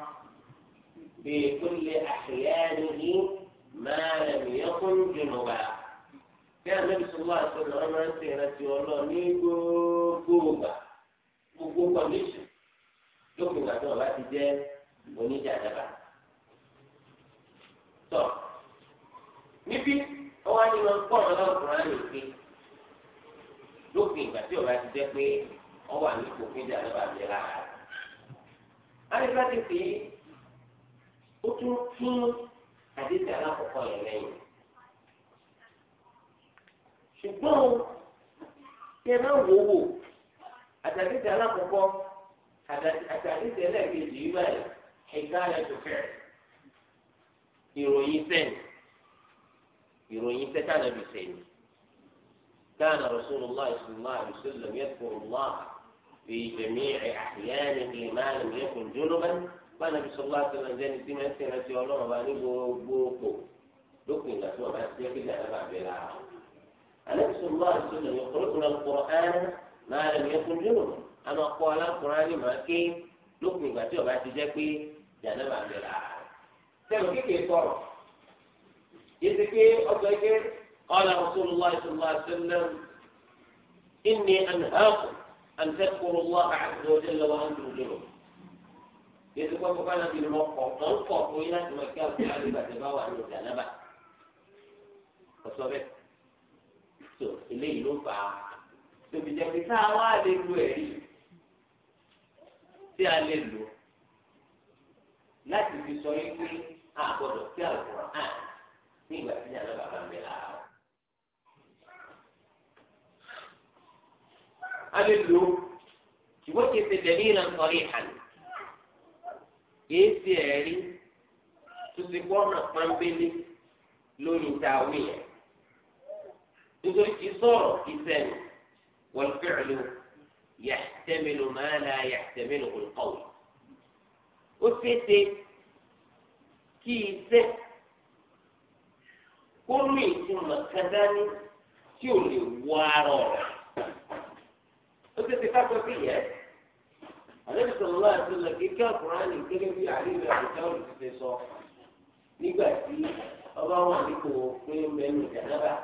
في كل أحيانه ما لم يكن جنبا كان النبي صلى الله عليه وسلم أنا سيرتي والله نيجو كوبا كوبا ليش لكن هذا ما تجاه ونيجا تبع طب نبي هو أن من القرآن الكريم lópin ìgbà tí ọba ti jẹ pé wọn wà ní ipò kéde àlọ́ àbí lára rẹ̀. Adébá ti pè é ó tún fún àdéhùn alákọ̀ọ́kọ́ yẹn lẹ́yìn. Ṣùgbọ́n ṣe máa wò wò alákọ̀ọ́kọ́ ẹlẹ́ẹ̀kejì yìí báyìí ẹ̀ka fẹ́. Ìròyìn sẹ́yìn ìròyìn sẹ́yìn sẹ́yìn. كان رسول الله صلى الله عليه وسلم يذكر الله في جميع أحيانه ما لم يكن جنبا فالنبي صلى الله عليه وسلم جاني تيما يسكن أتي والله ما بوكو لكن لا سوى ما أتي إلا أنا بلا النبي صلى الله عليه وسلم يقرأنا القرآن ما لم يكن جنبا أنا قال القرآن ما كي لكن لا سوى ما أتي جاكي جانا بلا سيما كيف يصور يسكي أصدقائي قال رسول الله صلى الله عليه وسلم إني أنهاكم أن تذكروا الله عز وجل وأنتم جنوب yẹtù kọ́ kọ́kọ́ náà bìnnú ọkọ̀ tó ń kọ̀ fún yín láti máa kí àwùjọ àdìgbà tẹ bá wà ní ọjà náà bá ọ̀sọ́ bẹ́ẹ̀ tó eléyìí ló fà á tóbi jẹ́ pé tá a wá lè lu ẹ̀rí tí a lè lò láti fi sọ yín pé a gbọ́dọ̀ sí àwòrán ní ìgbà tí yàrá bàbá ń bẹ lára wa. قال له وقف دليلا صريحا كيف يعني تزيقونا من بني لوري تاوية تقول كيصور كيسان والفعل يحتمل ما لا يحتمله القول وفيتي كيس كل ما يكون كذاني تولي وقت اتفاق وفي ہے النبي صلى الله عليه وسلم في القرآن الكريم في عليه بن أبي طالب في فيصا نيجاتي أبوا نيكو في من جهبة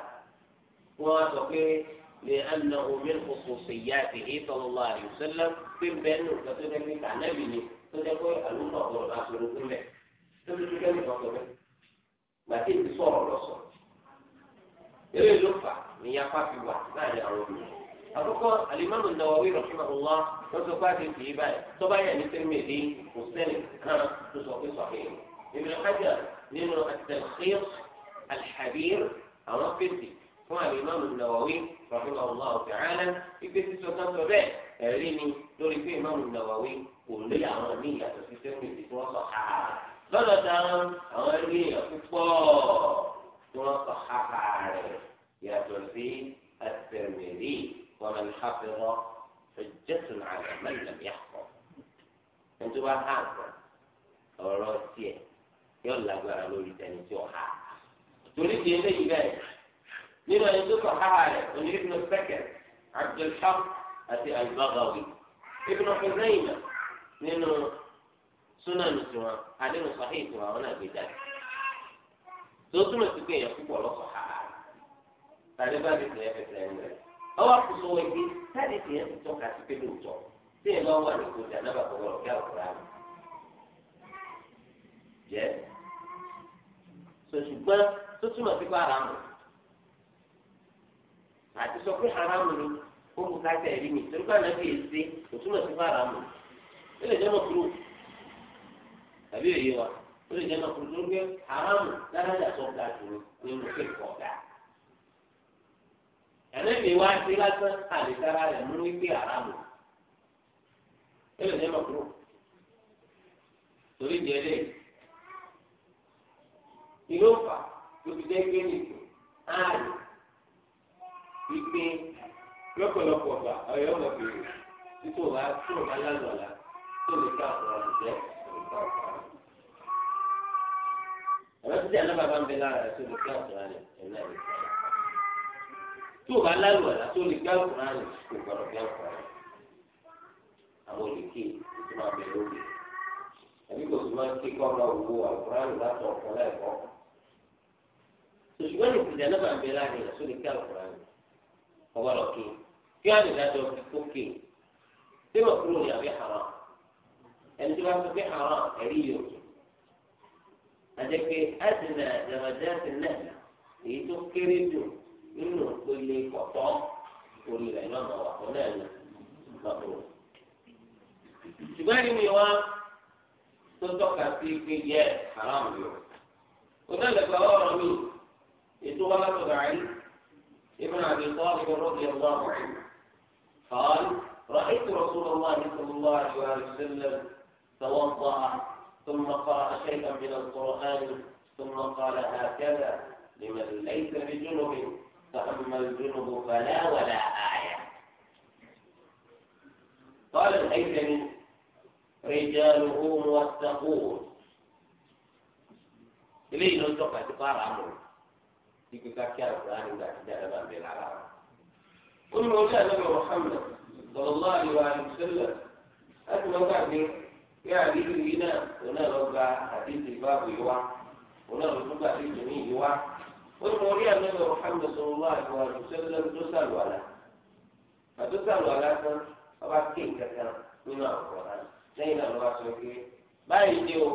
واتوكي لأنه من خصوصياته صلى الله عليه وسلم في من كتبه من تعنبني تجاوي ألو ما هو الآخر من منه تبي تكلم فكرة ما تيجي صور ولا صور يلي لفة من يفاق الوقت ما هي أروي àkọ́kọ́ alimami nawawi rahimahullah wọ́n sọ pé àti tì í báyìí tó bá yẹ ní tẹ́lẹ̀mẹ̀lì kò sẹ́ni kan tó sọ pé sọ fún Ibn Hajar nínú at-Talkhis al-Habir àwọn fèsì fún alimami nawawi rahimahullah ta'ala ibi sísọ kan sọ bẹ́ẹ̀ ẹ̀rí ni lórí pé imami nawawi kò lé àwọn míì yàtọ̀ sí tẹ́lẹ̀mẹ̀lì tí wọ́n sọ lọ́dọ̀ táwọn àwọn ẹ̀rí èèyàn púpọ̀ tí wọ́n sọ yàtọ̀ sí at-Tirmidhi ومن حفظ حجة على من لم يحفظ انتوا بقى حافظ او روسيا يلا بقى لوري تاني تو حا تولي تي تي بي نيرو انتوا بقى حالي ونيرو ابن السكر عبد الحق اتي البغوي ابن حزينة نينو سنن سوا حديث صحيح سوا وانا بيتاك تو سنن سكين يقول الله صحيح تاني بقى بيتنا يفتنا يمرك ọwọ́ àkóso wẹ̀gbẹ́ sáàdì tí yẹn ti tọ́ka sí pé lóòótọ́ tí yẹn wà ní kọjá náà kọ̀ wọ́n ọ̀gá jẹ́ sọ̀tùgbọ́n tó túmọ̀ sí pé àti sọ pé ni ó mú mi torí pé ànábì kò túmọ̀ sí pé ó lè jẹ́ mọ̀ kúrò tàbí wa ó lè jẹ́ mọ̀ kúrò ẹlẹ́mìí wá sí lásán àdìsára rẹ̀ mú wípé àràmù ẹlẹ́mìí mọ̀ kúrò torí jẹ́lẹ̀ ìlú fà lóbi jẹ́ pé nìkú áàlù wípé lọ́pọ̀lọpọ̀ gbà ọ̀yọ́ ọ̀gbà bèrè títò wá tó wá lálọ́la tó lè ká àdìsẹ́ títí àná bàbá ń bẹ lára tó lè ká àdìsẹ́ náà lè ká. tí o bá lálù ọ̀la tó lè gbá òkúra rẹ̀ kò gbọ́dọ̀ gbá òkúra rẹ̀ àwọn olùkí tó máa bẹ̀rẹ̀ lórí ẹ̀mí kò sì máa ń kíkọ́ ọmọ òwò àkúrá rẹ̀ látọ̀ ọ̀kan láìpọ̀ òṣùgbọ́n ìpìlẹ̀ náà máa ń bẹ láàrin rẹ̀ tó lè gbá òkúra rẹ̀ ọgbọ́dọ̀ kí kí á lè dájọ́ kókè tí wọ́n kúrò ní àbí ẹni tí wọ́n ti fi haram ẹ̀rí yòó àjẹpẹ́ àti nà dàmàdà ti nà èyí tó kéré dùn nínú ìpele kọ̀tọ́ orí rẹ̀ náà máa wà fún náà ní ìgbàgbọ́. ṣùgbọ́n ẹni mi wá tó tọ́ka sí pé yẹ haram yọ. onílẹ̀gbẹ́ ọ̀rọ̀ mi ètò wa látọ̀dọ̀ àyè ابن أبي طالب رضي الله عنه قال رأيت رسول الله صلى الله عليه وسلم توضأ ثم قرأ شيئا من القرآن ثم قال هكذا لمن ليس بجنب فأما الجنب فلا ولا آية قال الهيثمي رجاله موثقون إليه نطق اعتبار أمره يقول كان القرآن إذا كان ما بين العرب كل مولاة نبي محمد صلى الله عليه وسلم أتنا بعد يعني هنا هنا ربع حديث الباب يوع هنا ربع حديث الجميع يوع orí ànábì Muhammad sallallahu alaihi wasallam tó sàlù àlà àti sàlù àlà tán ọba ké kankan nínú àwọn ọ̀rá lẹ́yìn náà lọ́wọ́ sọ pé báyìí ni o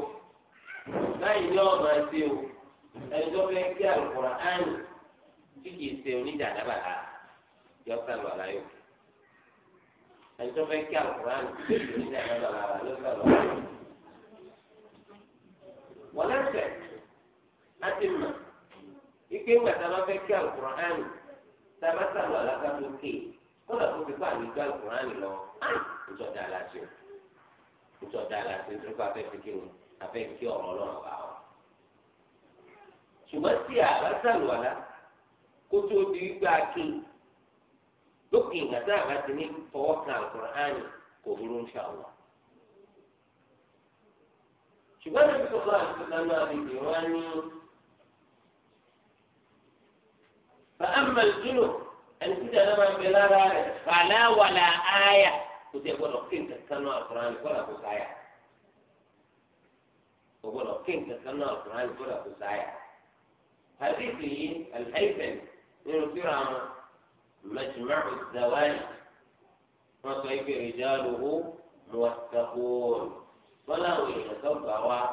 báyìí ni ọ̀nà ẹ̀sìn o ẹni tó fẹ́ kí àlùkùrá áyìn tí kìí ṣe oníjà dábàá yọ sàlù àlà yòókù ẹni tó fẹ́ kí àlùkùrá áyìn tí kìí ṣe oníjà dábàá yọ sàlù àlà yòókù. wọ́n lẹ́sẹ̀ láti mọ̀ ike ń gbàtà bá fẹ́ kí alukur'ani tàbá sàlù alákàtó ké kódà tó fi kó àmì gbà alukur'ani lọ ìtọ́jà aláṣẹ ìtọ́jà aláṣẹ nítorí pé afẹ́ fi kí ni afẹ́ kí ọ̀rọ̀ ọlọ́run bá wa. ṣùgbọ́n tí àbá sàlù alá kó tó di gbà ké lókè ìgbà tá àbá ti ní fọwọ́ kan alukur'ani kò burú ń ṣàwọ̀ ṣùgbọ́n ní ìfọ̀kọ́ àti فأما الجنوب ان يعني أنا ما بلا لا فلا ولا آية ودي أقول لك كنت تكلم القرآن كل أبو سايا أقول لك كنت تكلم القرآن كل أبو سايا هذه الهيثم من كرامة مجمع الزواج وكيف رجاله موثقون ولا ويتكبر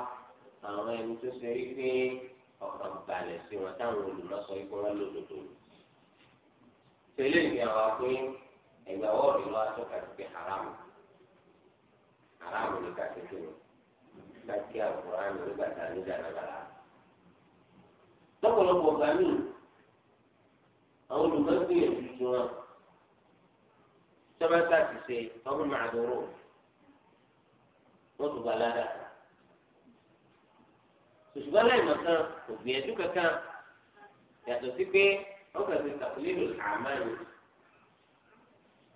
أمام تسريفين ọkàn balẹ̀ sí wọn táwọn olùmọ̀sọ yìí kó wọn lòdòdò lò. tẹ́lẹ̀ ní àwọn pé ẹ̀gbà wọ́ọ̀dù lọ́wọ́ atọ́ka ti fi haram haram ní kàkékè ní kàkékè àwòrán ní nígbà tá a ní ìdánilá. lọ́pọ̀lọpọ̀ ọ̀gá mi àwọn olùmọ̀sọ yẹn ti wọn sábà ti ṣe ọmọ màdúró wọ́n tún gba ládàá ṣùgbọ́n láìmọ̀ kan kò gbìyànjú kankan yàtọ̀ sí pé wọ́n kàn ti tàkùlélò àmàlù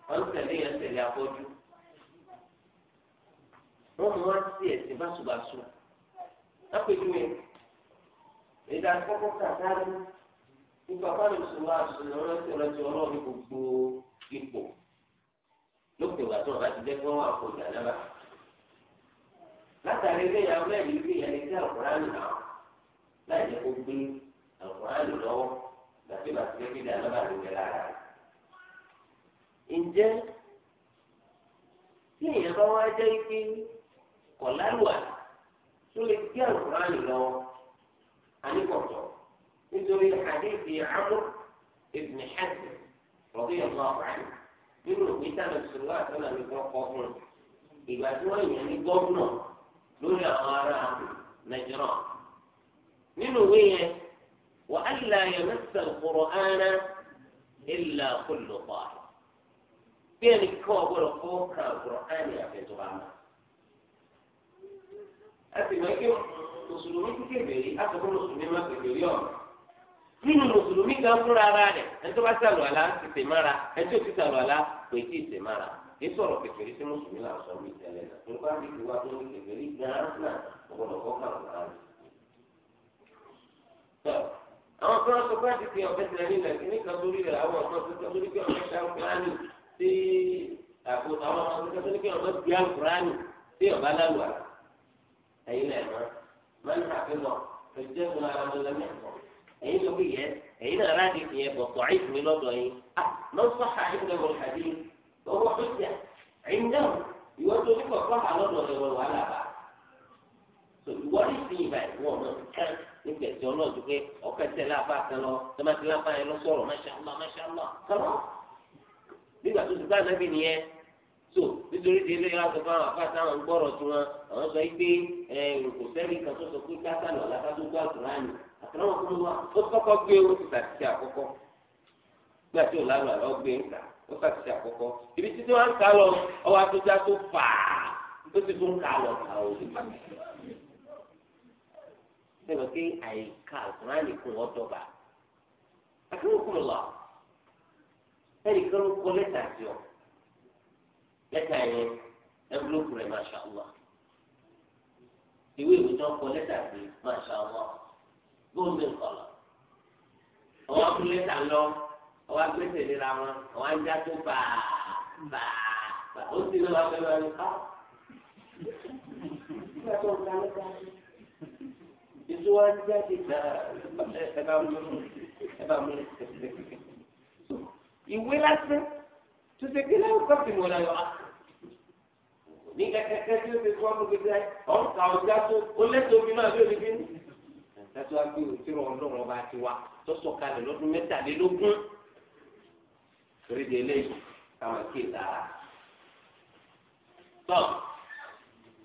wọ́n tẹ̀lé yẹn tẹ̀lé afọ́jú wọ́n mú wọn sí ẹ̀sìn báṣubàṣu lápẹ̀júwe ìdá kọ́kọ́ kàdáàlú nípa báyìí sọ̀rọ̀ àṣùnà rántí rántí ọlọ́run gbogbo ipò lókè wà tó wọn bá ti jẹ́ kí wọ́n wà kó ìdáná báyìí látàrí ilé ìyàwó lẹ́yìn ilé ìyàwó lè tẹ́ àkùránì náà láì jẹ́ kó gbé àkùránì lọ́wọ́ gàtí bàtí lẹ́kí dá lọ́ba ló gbé lára rẹ̀. ǹjẹ́ tí èèyàn bá wá jẹ́ ike kọ̀ lálùwà tó lè gbé àkùránì lọ́wọ́ àníkọ̀tọ̀ nítorí hadithi Amr ibn Hazm radiyallahu anhu nínú ìgbésẹ̀ àti ìṣòro ọ̀nà ìgbọ́kọ̀ fún ìgbà tí wọ́n yàn ní gọ́ọ̀nà. lórí àwọn ará nàìjíríà nínú ìwé yẹn wà á là yẹn mẹsà kúrò ánà ìlà kúlùkọ bí ẹnì kan ọgbọdọ kó ka kúrò ánà àfẹtọ àmà a sì máa ké mùsùlùmí kékeré àtọkọ mùsùlùmí má kékeré ọ̀nà nínú mùsùlùmí kan fúnra ara rẹ̀ mesa kuro ara ila kuluko bi eni ko ogbodo ko ka kuro ana afeto mo bá sàlù àlá ti mára ẹni tó ti sàlù àlá kò tí ì mára. kí sọ̀rọ̀ kẹfẹ́rí sí mùsùlùmí là ń sọ wí tẹ́lẹ̀ náà tó bá ní ìwà tó ní kẹfẹ́rí gan-an náà ọ̀gbọ́dọ̀ kọ́ kàn án. àwọn kan sọ pé àti pé ọ̀fẹ́ tilẹ̀ nílẹ̀ kí ní kan sórí rẹ̀ àwọn kan sọ pé sórí pé ọ̀fẹ́ ta ọ̀kùnrání sí àpò àwọn kan sọ pé sórí pé ọ̀fẹ́ ti ọ̀kùnrání sí ọ̀bá lálùwà. ẹ̀yin náà ẹ̀mọ́ máa ń tàbí lọ ẹ̀jẹ̀ fún ara mi lọ mẹ́kọ̀ọ́ ẹ̀yin ló fi yẹ ẹ̀yin فهو حجة عندهم يوجد لك الصحة على الرجل والوعلى بعد ìwọ́n sì ìbà ìwọ̀n náà kán níbi ẹ̀sìn ọlọ́run tó pé ọ̀kẹ́ tẹ̀lé apá kan lọ tẹ́mátì lápá yẹn lọ sọ̀rọ̀ kọ́lọ́. nígbà tó ti bá nìyẹn tó nítorí ti ilé fún àwọn afáàtà àwọn gbọ́rọ̀ tí àwọn sọ pé kò sẹ́ni kan tó sọ pé lọ lápá tó gbọ́ wọn kọ́ wákàtí àkọ́kọ́ ibi títí wọn ń kà lọ ọwọ́ àtúntà tó fà á tó ti tún kà lọ kà ó lè má mi. sẹ́wọ̀n pé àyíká àkùnrin kún wọ́n dọ̀bà àkíwọ́n kún lọ ẹnìkan ló kọ lẹ́tà sí ọ lẹ́tà yẹn ẹnbúlọ́ọ̀kù rẹ̀ masha Allah ìwé ìwé tó kọ lẹ́tà sí masha Allah gómìnà kọlọ ọwọ́ akú lẹ́tà lọ ọwọ́ agbésè nira wọn àwọn ajá tó bàá bàá bàá ó sì lọ́wọ́ abẹ́rẹ́ wọn ká. Ìṣó wa ń jáde náà ẹ bá mú ẹ bá mú ìwé lásán tó ṣe kí lẹ́yìn kọ́ọ̀tì mọ̀ náà yọ á ní kẹ́kẹ́ tí ó ti kọ́ ọ́nù gbèsè ọ̀nkà ọ̀já tó ó lẹ́tọ̀ọ́ mi náà lórí bí. Ẹ̀ka tó wá pé òtí rọ̀ ọ̀nà ọ̀rọ̀ bá ti wá tó sọ̀kalẹ̀ lọ́dún mẹ́tàlélógún torí di eléyìí káwọn kí ìtara. tọ́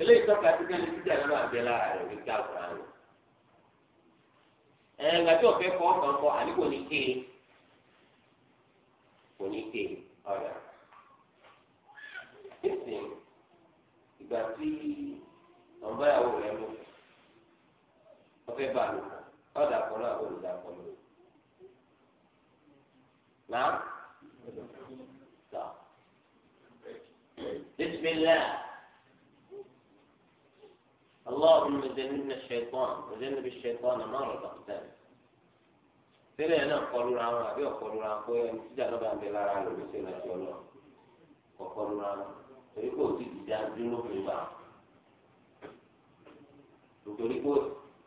eléyìí tọ́ka tí kẹ́ni títà nínú àgbẹ̀ lára rẹ̀ ní ká ọ̀gá rẹ̀. ẹ̀ ǹgbà tí òfin kọ́ ọ̀kan kọ́ àní kò ní ké kò ní ké ọ̀rẹ́. nísìnyí ìgbà tí ọ̀nbá rẹ̀ mú ọ̀fẹ́ bá lò ọ̀dà kan náà olùdàpọ̀ lò. náà. بسم الله اللهم جنبنا الشيطان وجنب الشيطان ما رزقتنا tẹ́lẹ̀ náà kọlu ra wọn àbí ọ̀kọlu ra wọn pé ẹni tíjà náà bá ń bẹ lára rẹ̀ ló ṣe ń ṣe ọlọ́ ọ̀kọlu ra wọn torí pé òtí ìjà dúró fi wà nítorí pé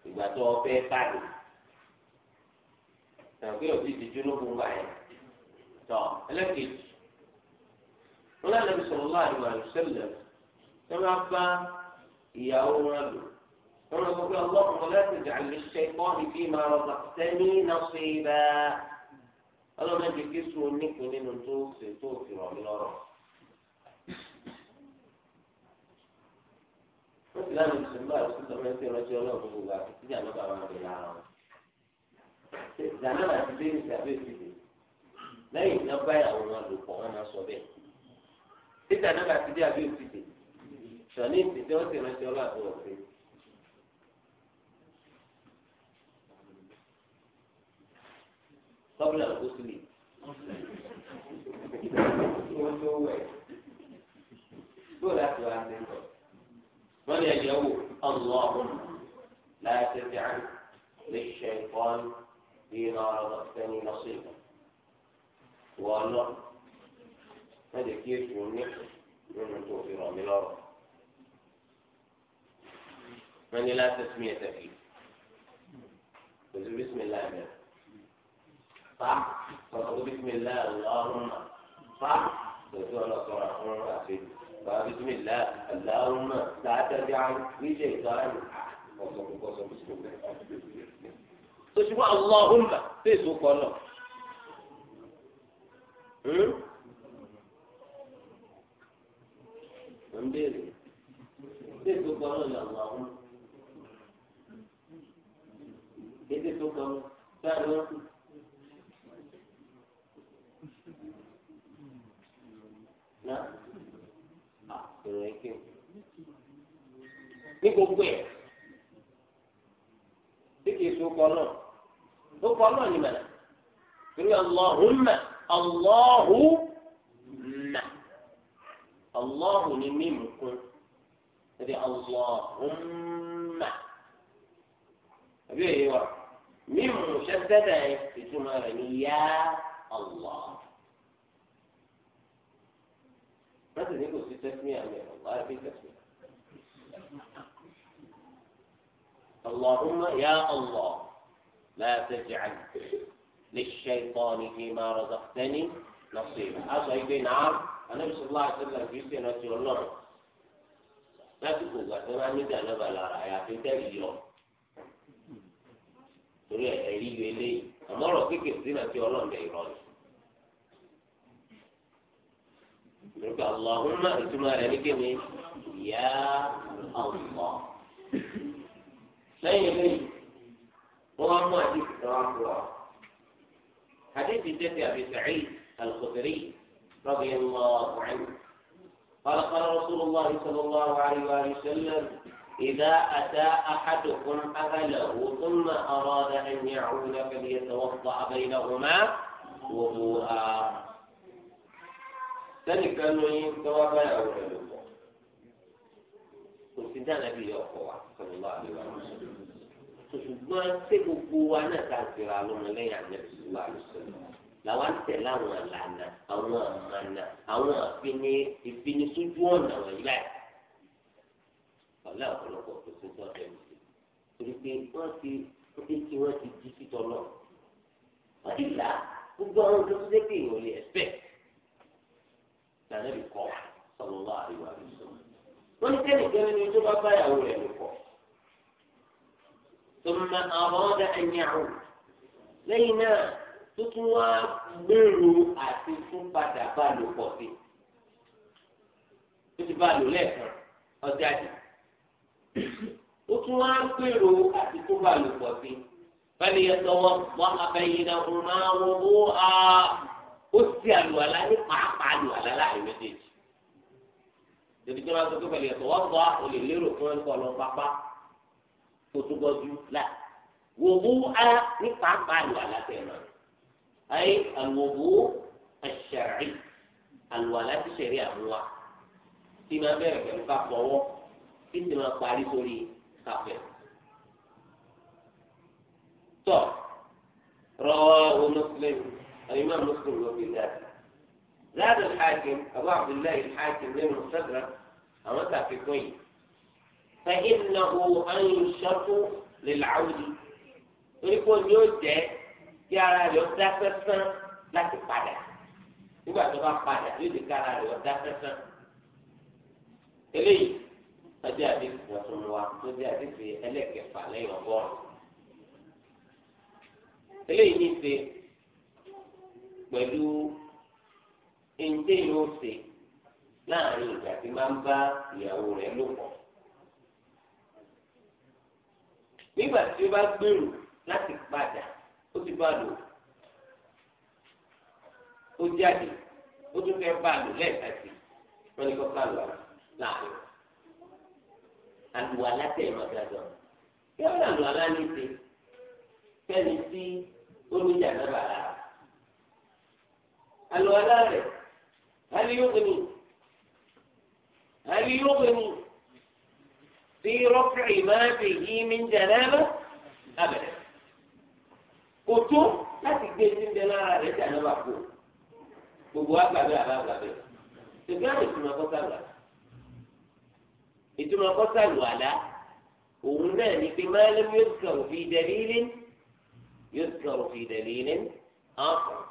ìgbà tó ọ fẹ́ káàdì tàbí òtí ìdí dúró fún wa yẹn. tọ́ ẹlẹ́kejì wọn náà lọ́bi sọ̀rọ̀ lọ́wọ́ àdúrà ìṣẹ̀lẹ̀ ẹ máa bá ìyàwó wọn lò wọn lọ sọ pé ọlọ́run wọn láti dà lè ṣe kọ́ọ̀nì bí máa rọ sẹ́ni náà ṣe é bá ọlọ́run ti kí sùn onípin nínú tó ṣe tó fi rọ̀ mí lọ́rọ̀. ó sì láti sùn bá àti sọ̀rọ̀ ẹ̀ṣẹ̀ rọ́ṣẹ́ ọlọ́run gbogbo àti síjà lọ́ba àwọn ọ̀dẹ̀ lára wọn. ìdáná àti bẹ́ẹ̀ ìṣàbẹ̀sì lẹ́yìn tí wọ́n bá ìyàwó wọn lò pọ̀ wọ́n máa sọ bẹ́ẹ̀. títà náà bá ti dé àbí òtítì sọ̀ní ìtìtì ó sì rántí ọlọ́àbí ọ̀sẹ̀. tọ́bùlà ló sì lè. wọ́n tó wẹ̀. bó láti wá sí sọ. wọ́n ní ẹ̀yẹ́ wò ọlọ́run láti ṣe àrùn lè ṣe ìfọ́n bí ìrọ̀rùn ọ̀sẹ̀ ní lọ́sọ̀ọ̀sẹ̀. wọ́ọ́lọ́ má jẹ́ kí èso ní nínú tó fi ràn mí lọ́rọ̀ wọ́n ní láti sún yẹn tẹ̀sí kò sí bísímìlá yẹn fa sọ̀rọ̀ bísímìlá ọlọ́run fa kò sí ọlọ́sọ̀rọ̀ fún àṣejù fa bísímìlá ọlọ́run láàtẹ̀bí àwọn níṣẹ́ ìtọ́rẹ́nu ọ̀sọ̀kùnkọ̀sọ̀ bísímìlá. sọ́sibú àlọ́hùnmá fèsì ó kọ́ náà. mo hmm? Ní gbogbo ẹ̀, bí kìí so kọ náà, tó kọ náà ni màná. Torí Allahumma. الله ن الله نميمكم هذه اللهم هذه هي ميم مشددة اسمها يا الله ماذا نقول في تسمية أمير الله في تسمية اللهم يا الله لا تجعل للشيطان فيما رزقتني نصيبا هذا يبين نعم النبي صلى الله عليه وسلم في سنة الله لا تقول أنا مدى نبى لا رأي في تاريخ torí ẹ̀rí yọ eléyìí àmọ́ ọ̀rọ̀ kékeré sí náà ti ọlọ́ọ̀dẹ ìrọ̀lẹ́. Nígbà Allahumma ìtumọ̀ rẹ̀ ní kéwì yá ọ̀mọ̀. Lẹ́yìn eléyìí, wọ́n á mú àdìsí kan wá fún ọ. حديث جد أبي سعيد الخدري رضي الله عنه قال قال رسول الله صلى الله عليه وآله وسلم إذا أتى أحدكم أهله ثم أراد أن يعود فليتوضأ بينهما وضوءا ذلك انه ló yín tó wá báyàwó rẹ̀ lò pọ̀ kò sí dáná bí ọkọ̀ wa sọ̀rọ̀ po ko ṣùgbọ́n ṣé gbogbo wa náà ta ìṣẹ̀ra lọ́mọ lẹ́yìn ànábì sùwà lọ́sọ̀rọ̀ làwa ń tẹ̀lé àwọn àlànà àwọn àmàna àwọn àfini ìfinisójú ọ̀nà wọ̀nyí báyìí. ọ̀la ọ̀pọ̀lọpọ̀ kò sí sọ ẹ̀mí torí pé wọ́n ti ní kí wọ́n ti di títọ́ lọ. wọ́n ti là gbogbo àwọn tó tó dépè ìwọ̀n lè ẹ̀fẹ́. lànà ìkọ́ sọ̀rọ̀ wá àríwá rẹ̀ sọ. wọ́n ní kẹ́nìkẹ́ni ni ojú bá báyàwó rẹ̀ lò ثم أراد أن يعود لينا تتوى بلو أتفو بدا بالو بوفي تتبالو لك أزادي وتوى بلو أتفو بالو بوفي فليتوضأ بينهما وضوءا أسي الولاء قعقع الولاء لا يمديش. Jadi kita masuk ke balik itu, wabah, oleh liru, kau yang kalau kó tó gbọ́jú la wòbú a ní pàápàá lu alátẹ̀mọ́ ayé alwòbú aṣàrí alùwàlá ti ṣẹ̀rí àmúwa tí máa bẹ̀rẹ̀ pẹ̀lú ká fọwọ́ tí ti ma bere pelu parí ti ti ma káfẹ́. tọ́ رواه ma الإمام مسلم وفي ذلك زاد الحاكم أبو عبد الله الحاكم من المستدرك أمتى في koyin. فإنه أن يشرف للعود toríko ni ó jẹ kí ara rẹ̀ ó dá sẹ́sán láti padà nígbà tó bá padà yóò di kí ara rẹ̀ ó dá sẹ́sán eléyìí ọjọ́ àdéhùn ọ̀tún wa tó jẹ́ àdéhùn ẹlẹ́kẹfà lẹ́yìn ọgọ́rùn eléyìí ní ṣe pẹ̀lú ẹ̀ńdẹ́yìn ó ṣe láàrin ìgbà tí máa ń bá ìyàwó rẹ̀ lò pọ̀. nígbà tí ó bá gbèrò láti padà ó ti bá lò ó jáde ó tún fẹ́ bá lò lẹ́ẹ̀ka sí wọ́n ní kó ká lọ láàrin àlùwà látẹ̀ ìmọ̀dájọ́ kí wọ́n lọ àlùwà ṣe fẹ́ni tí oníjà náà bàrà àlùwà láàrẹ̀ hali yóò gbẹmí hali في رفع ما فيه من جنابة أبدا كتب لا تجد من جنابة ليس أنا بقول بقول بابا بابا بابا لا تقدر تسمع قصة لا إتما قصة ولا وهنا بما لم يذكر في دليل يذكر في دليل آخر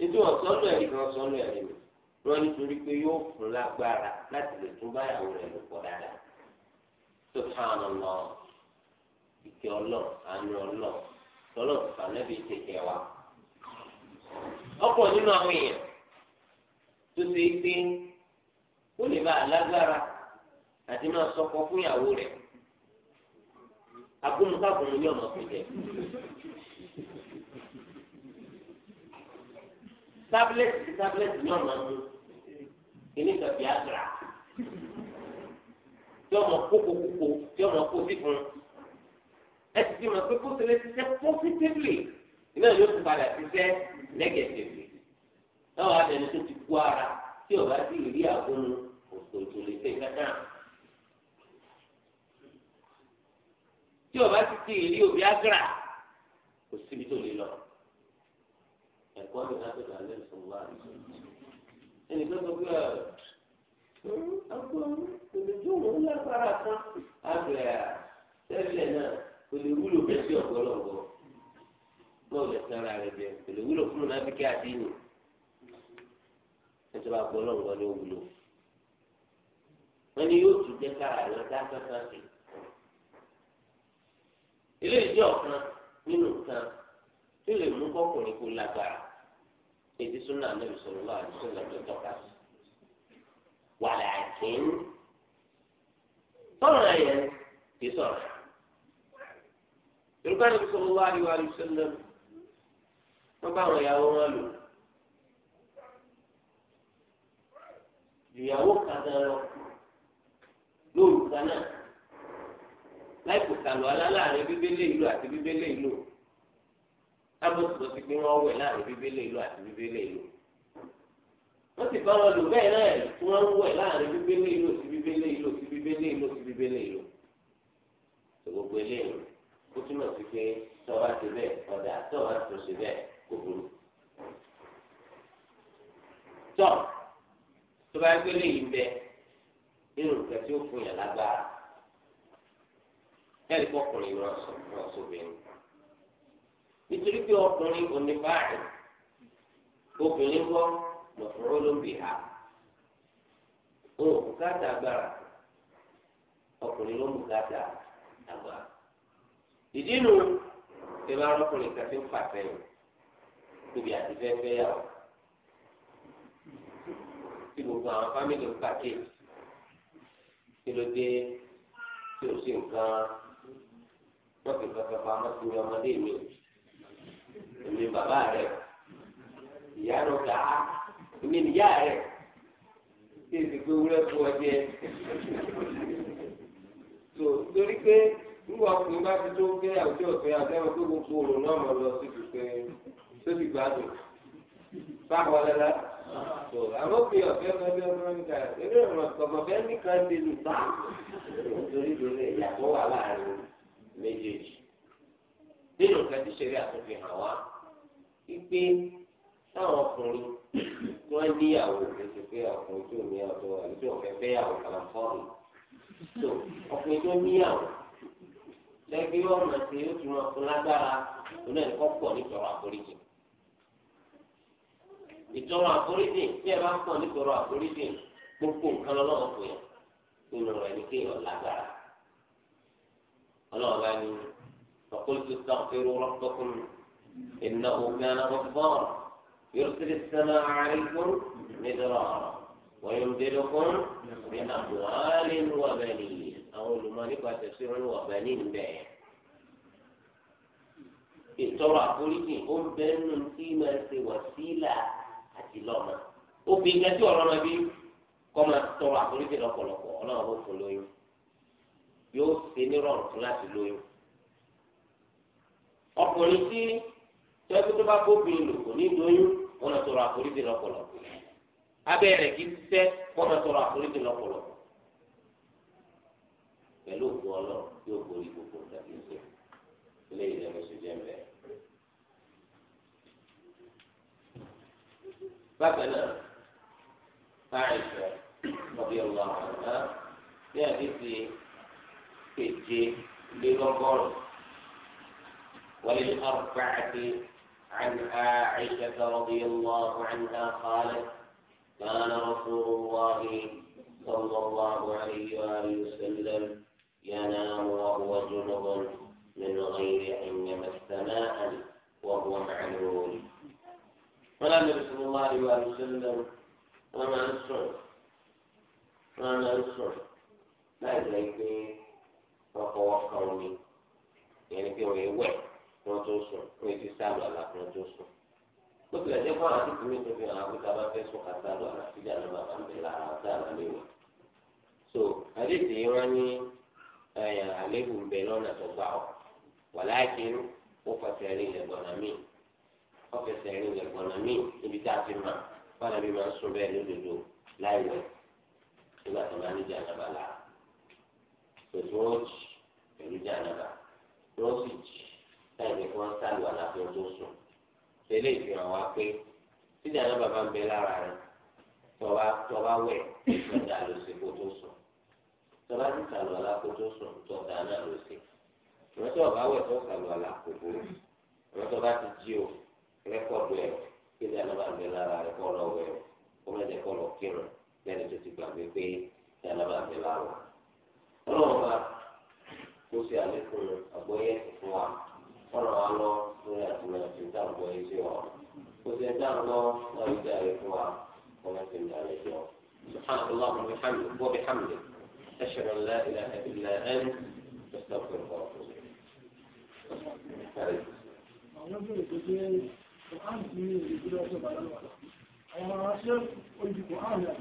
إنتوا إتما صلى الله عليه وسلم وأن يقول يوفر لا بارا لا تقدر تبايع ولا يقول subhanallah ìkẹ́ ọlọ́ọ̀ àánú ọlọ́ọ̀ tọ́lọ̀ sànẹ́bí tètè wa. ọ̀pọ̀ nínú àwọn èèyàn tó ṣe é pé ó lè bá alágbára àti máa sọkọ fún ìyàwó rẹ̀ akónúkàkùnrin ní ọ̀nà pèjẹ. tábìlẹ̀tì tábìlẹ̀tì ní ọ̀nà mú kìnnìkan bíi àgbà tí ọmọ kókó kókó tí ọmọ kó sí fún ẹ ti fi mọ̀ pé kó tẹ̀lé ṣiṣẹ́ positively iná yóò tún padà ṣiṣẹ́ negatively náà wàá dẹni tó ti kú ara tí ọba sì rí àgọ́nu òṣòṣò lè fẹ́ kankan. tí ọba sì ti rí òbí agra kò síbi tó lè lọ ẹ̀kọ́ mi náà tó dàlẹ́ ìṣòwò ẹnì kan tó gbé ọ̀rọ̀ ìgbésí òun lágbára kan àgbẹ̀ tẹ́lẹ̀ náà kò lè wúlò bẹ́ẹ̀ sí ọ̀pọ̀lọpọ̀ bọ́ọ̀ lè tẹ́ ara rẹ̀ jẹ kò lè wúlò fún un ábíkẹ́ àdínì ẹ̀tọ́ bá gbọ́ lọ́wọ́ ni ó wúlò wọ́n ní yóò tún jẹ́ kára rẹ̀ dá kankan sí ilé ìjọ kan nínú nǹkan tó lè mú kọkùnrin kó lágbára èdè súnà náà sọ̀rọ̀ lọ́wọ́ àti sọ̀rọ̀ lọ́wọ́ tọ́ka sí wàlàkín sọ̀rọ̀ ẹ̀yẹ kì í sọ̀rọ̀ yorùbá ní sọ̀rọ̀ wá ní wàhálà ìṣẹ̀lẹ̀ wọ́n bá àwọn ìyàwó wọn lò ìyàwó kàdán lọ lóru kaná láì kò sàlù aláàárín bíbélé ìlú àti bíbélé ìlú lábòsí tó ti gbé wọn wẹ̀ láàárín bíbélé ìlú àti bíbélé ìlú wọ́n sì bá wọn lò bẹ́ẹ̀ náà tí wọ́n ń wẹ̀ láàrin bíbélé ìlò sí bíbélé ìlò sí bíbélé ìlò sí bíbélé ìlò. gbogbo eléyìí ó túmọ̀ sí pé tọ́wá ti bẹ́ẹ̀ ọ̀dà tọ́wá tó ṣe bẹ́ẹ̀ kò burú. tọ́ tó bá gbélé yìí bẹ nínú nǹkan tí ó fún yàn lágbára ẹ̀rí kọkùnrin rọ̀ sóbìnrin nítorí pé ọkùnrin ò ní báyìí obìnrin gbọ́ maf'ulun biha ó bùkátà برا. ọkùnrin ló bùkátà برا. ìdí nu ṣe bá ọkùnrin kan ti ń fà sẹ́yìn níbi àti fẹ́fẹ́ yà wọ́n tí gbogbo àwọn fámìlì ń pàkíyèsí kí ló dé tí o ṣe nǹkan wọ́n fi kankan pamọ́ sí ọmọdé mi èmi bàbá rẹ̀ ìyá ló dáa èmi nìyá rẹ̀ tí èsì pé wúlẹ̀ fún ọ jẹ. tó torí pé nígbà ọkùnrin bá ti tó gbé àwùjọ ọ̀fẹ́ àtẹ́wọ̀n pé gbogbo òrò náà mọ̀ lọ sí ti pé tó ti gbádùn. báwo lẹ́la tó àwọn òbí ọ̀fẹ́ ọ̀fẹ́ ọ̀fẹ́ níta eré ìrìn ọ̀gbọ̀n ọ̀fẹ́ nìkan ti lù bá nítorí lórí ìyàtọ̀ wà láàrin méjèèjì nínú nǹkan tí ṣeré àtúnfi hàn wá wípé táwọn ọkùnrin wọn níyàwó ètò pé ọkùnrin tó níyàwó àbí tó ọ̀fẹ́ fẹ́yàwó kàlàfọ́ọ̀nù tó ọkùnrin tó níyàwó lẹ́gbẹ́ yóò máa ṣe yóò tún máa fún lágbára òun náà kọ́ pọ̀ nítorọ̀ àforíjì ìtọrọ àforíjì tí ẹ bá pọ̀ nítorọ̀ àforíjì gbogbo nǹkan lọ́wọ́ fún yẹn nínú rẹ̀ ní kéèyàn lágbára ọlọ́run bá ní ọkùnrin tó sàkóso rọ́pọ̀kùnrin ìnáwó gánà rọ́pọ̀rọ̀. يرسل السماء عليكم مدرارا ويمددكم بأموال وبنين أو المالك تفسير وبنين بيع ìtọrọ àforíjì ó ń bẹ nínú tí máa ṣe wàsílà àti lọ́mọ obìnrin kan tí ọ̀rọ̀ náà bí kọ́ máa tọrọ àforíjì lọ́pọ̀lọpọ̀ ọlọ́run ó fún lóyún yóò ṣe nírọ̀rùn fún láti lóyún ọkùnrin tí tẹ́kú bá bóbin lò kò ní lóyún wọn tọrọ àforíjì lọ́pọ̀lọpọ̀ abẹ́ rẹ̀ kì í sẹ́ wọn tọrọ àforíjì lọ́pọ̀lọpọ̀ pẹ̀lú òkú ọlọ́ yóò borí gbogbo tàbí ìṣe ilé ìdẹ́nu sì jẹ́ mẹ́. bákan náà Àìṣà ọbẹ̀ ọ̀la àná ní àdìsí keje lé lọ́gọ́rùn-ún wọlé ọ̀rùn pàákì. عن عائشة رضي الله عنها قالت كان رسول الله صلى الله عليه وآله وسلم ينام وهو جنب من غير أن يمس ماء وهو معلول قال النبي صلى الله عليه وآله وسلم وما نسر وما نسر لا يدري فقوى قومي يعني في وعي wọn tó sùn fún etí sáàlù àlà fún tó sùn ó ti lẹ́jẹ̀ fún àwọn àdúgbò mi tó fi hàn fẹ́ sùn ká sáàlù àlà sí ìjà lọ́ba àbẹ̀ lára àti àlàlẹ́ wọn. so àdéhùn yìí wọ́n ní àléébù ń bẹ lọ́nà tó gbà ọ́ wàláàkín ó fẹsẹ̀ rí lẹ́gbọ̀nà míì ó fẹsẹ̀ rí lẹ́gbọ̀nà míì níbi tá a ti mà fún àbí máa ń sùn bẹ́ẹ̀ lódodo láìwẹ̀ nígbà tó jì pẹ̀lú láìpẹ́ kí wọ́n sálù àlàfíà tó sùn tẹ́lẹ̀ ìfihàn wa pé títí àná bàbá ń bẹ lára rẹ̀ tọba tọba wẹ̀ tọ́jà ló ṣe kó tó sùn tọba ti sálù àlàfíà tó sùn tọ́jà náà ló ṣe ìwọ́n tí ọba wẹ̀ tó sálù àlàfíà kò ìwọ́n tọba ti jí o rẹ́kọ̀dù ẹ̀ títí àná bàbá ń bẹ lára rẹ̀ kọ́ lọ wẹ̀ kó mẹ́jẹ kọ́ ọlọ́run bá kó ṣe àlékún àgbọ́yé fún wa wọn ràn wá lọ lórí àtúnlẹ̀ àti ìdáàbò ẹ̀ṣẹ̀ wa kò sí ìdáàbò náà yóò dáre fún wa wọn ti ń dáre jọ. سبحانك اللهم وبحمدك وبحمدك أشهد أن لا إله إلا أنت أستغفرك وأتوب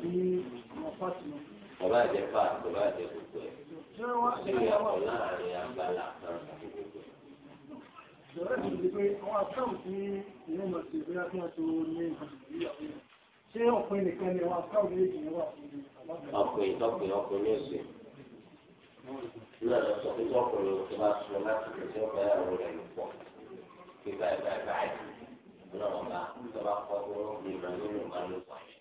إليك. Ọba àjẹpá àti ọba àjẹpọ̀ pẹ̀. Ṣé wọ́n ṣe ìyàwó láàrin abala àtàrà àti gbogbo? Ìjọba Ọkùnrin tọkùnrin ọkùnrin ní ọ̀sẹ̀. Nígbà pé tọkùnrin tó bá sọ láti fi ṣe ọ̀pẹ àwọn rẹ̀ ló Pé báyìí báyìí báyìí. Ìjọba ọba tó bá kọ́ tó wọ́n fi ìmọ̀ nínú ìbálòpọ̀ yẹn.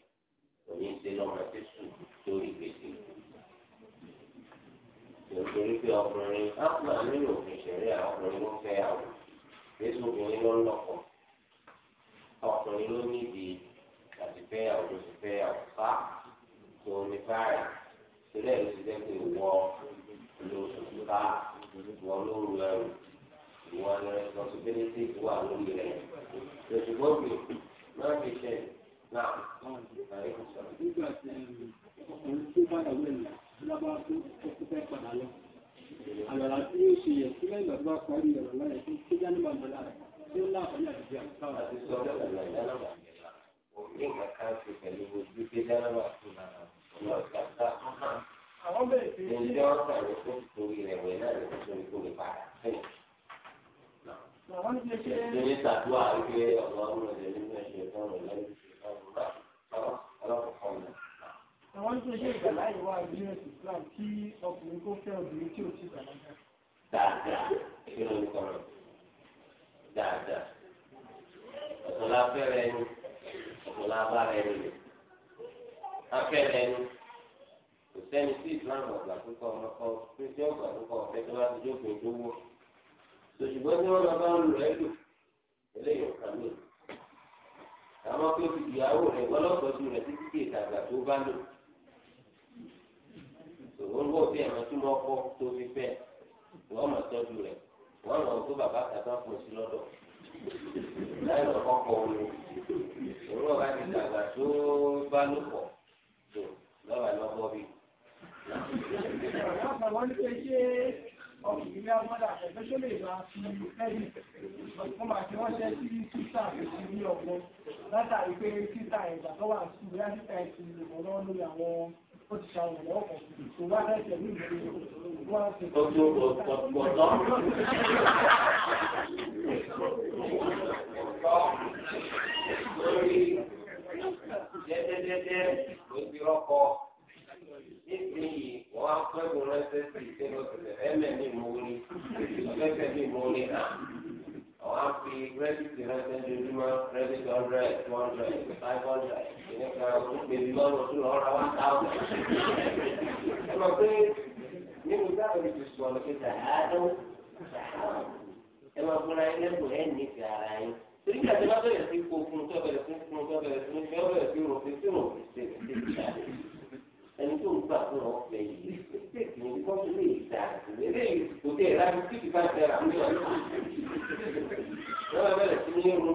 Òní ṣe lọ́mọ ti sùn lórí gbèsè nítorí pé ọkùnrin ápùlà nínú òfin ṣẹ̀rí ọkùnrin ló fẹ́ àwọn yéésù obìnrin ló ń lọ́kọ ọkùnrin ló nídìí àti fẹ́yàwó ló ti fẹ́yàwó fá tó ní fáyà sílẹ̀ ló ti dẹ́kun ìwọ olóṣù ká ìwọ olóru ẹrù ìwọ responsibility wà lórí rẹ̀ lọ́sùgbọ́n mi máa fi ṣe náà. nígbà tí um, ọkùnrin tó bá yàwó ẹ̀ lábá tó ọkùnrin padà lọ àgbàrá tí ó ṣe yẹ sílẹ̀ ìgbàgbà parí ọ̀rọ̀ láyé tó tó já nígbà mọ́lá tí ó láàbí àti àtàwọn àti sọ òní kankan ṣe pẹ̀lú ojú pé dánáwà tó lára ọ̀la ọ̀gá ọ̀hán. Àwọn bẹ̀rẹ̀ sí. Ǹjẹ́ wọ́n kà ló tó torí rẹ̀ wẹ̀ náà ló tó ikú lè padà sílẹ̀? Ìṣèlú ṣàdúrà wípé ọ̀gá ọ̀run rẹ̀ àwọn tó ṣe ìgbàlá ìwà ìbílẹ̀ islam kí ọkùnrin kó fẹ́ obìnrin tí ò ti bàlágà. dáadáa kí ló ń kọrọ dáadáa ọ̀tọ̀lá fẹ́rẹ̀ ẹni ọ̀tọ̀lá bára ẹni lò afẹ́rẹ̀ ẹni kò sẹ́ni tí islam ọ̀gbà púpọ̀ ọmọkọ tó jẹ́ ọ̀gbà púpọ̀ ọ̀fẹ́ tó bá ti jókòó ìdówó ṣòṣùgbọ́n tí wọ́n lọ bá ń lò ẹ́ lò eléyìí ò àwọn pé ìyàwó rẹ̀ wọ́lọ́pọ̀ ju rẹ̀ títí dé ìdàgbà tó bá lò ìwọ ló bí ẹ̀rọ tí wọ́n kọ́ tó fi fẹ́ ìwọ tọ́jú rẹ̀ wọ́n lọ tó bàbá kàtà fún sí lọ́dọ̀ láì lọ kọ́kọ́ omi òun náà ti dàgbà tó bá ló pọ̀ tó lọ́wọ́ àlọ́gbọ́ bí. wọ́n ní pé ẹ̀fẹ́ tó lè bá fi lẹ́yìn wọ́n máa fi wọ́n ṣe sí títà àti ọ̀gbọ́n látàrí pé títà ìgbà tó wà sí ìgbà títà ìsìn ìrọ̀lọ́ lórí àwọn Gbogbo ọ̀pọ̀lọ́. Lórí dẹ́dẹ́dẹ́dẹ́ ló fi rọ́kọ. Nísìnyí, wọ́n á pẹ́ bọ̀ rẹ́sẹ̀ sí ìṣẹ́lẹ̀ ọ̀sẹ̀ ẹ̀mẹ̀ ní ìmọ̀ orin. Ìṣẹ́lẹ̀ ẹ̀mẹ̀ àwọn afi rẹ́díìtì rẹ́sẹ̀ndì ojúmọ́ rẹ́díìtì ọ̀rẹ́ two hundred five hundred ìníkà olùgbèbí lọ́rùn tó lọ́ọ́ ra one thousand. ẹ mọ̀ pé nínú dáhùn ti sùn ọ̀nà pé sàádùn sàádùn ẹ máa fúnra ẹ lẹ́kùn ẹ̀ ní ti ara yín. torí kí àti bá bẹ̀rẹ̀ sí kó fún un tó bẹ̀rẹ̀ sí fún un tó bẹ̀rẹ̀ sí fún un tó bẹ̀rẹ̀ sí rò fi sí rò fi ṣe ẹni tó ń gbà fún ọ fẹ́ yìí ní kọ́tù lè dà ìwéré kò tẹ̀ ẹ̀rá ní bá tẹ̀ rà mí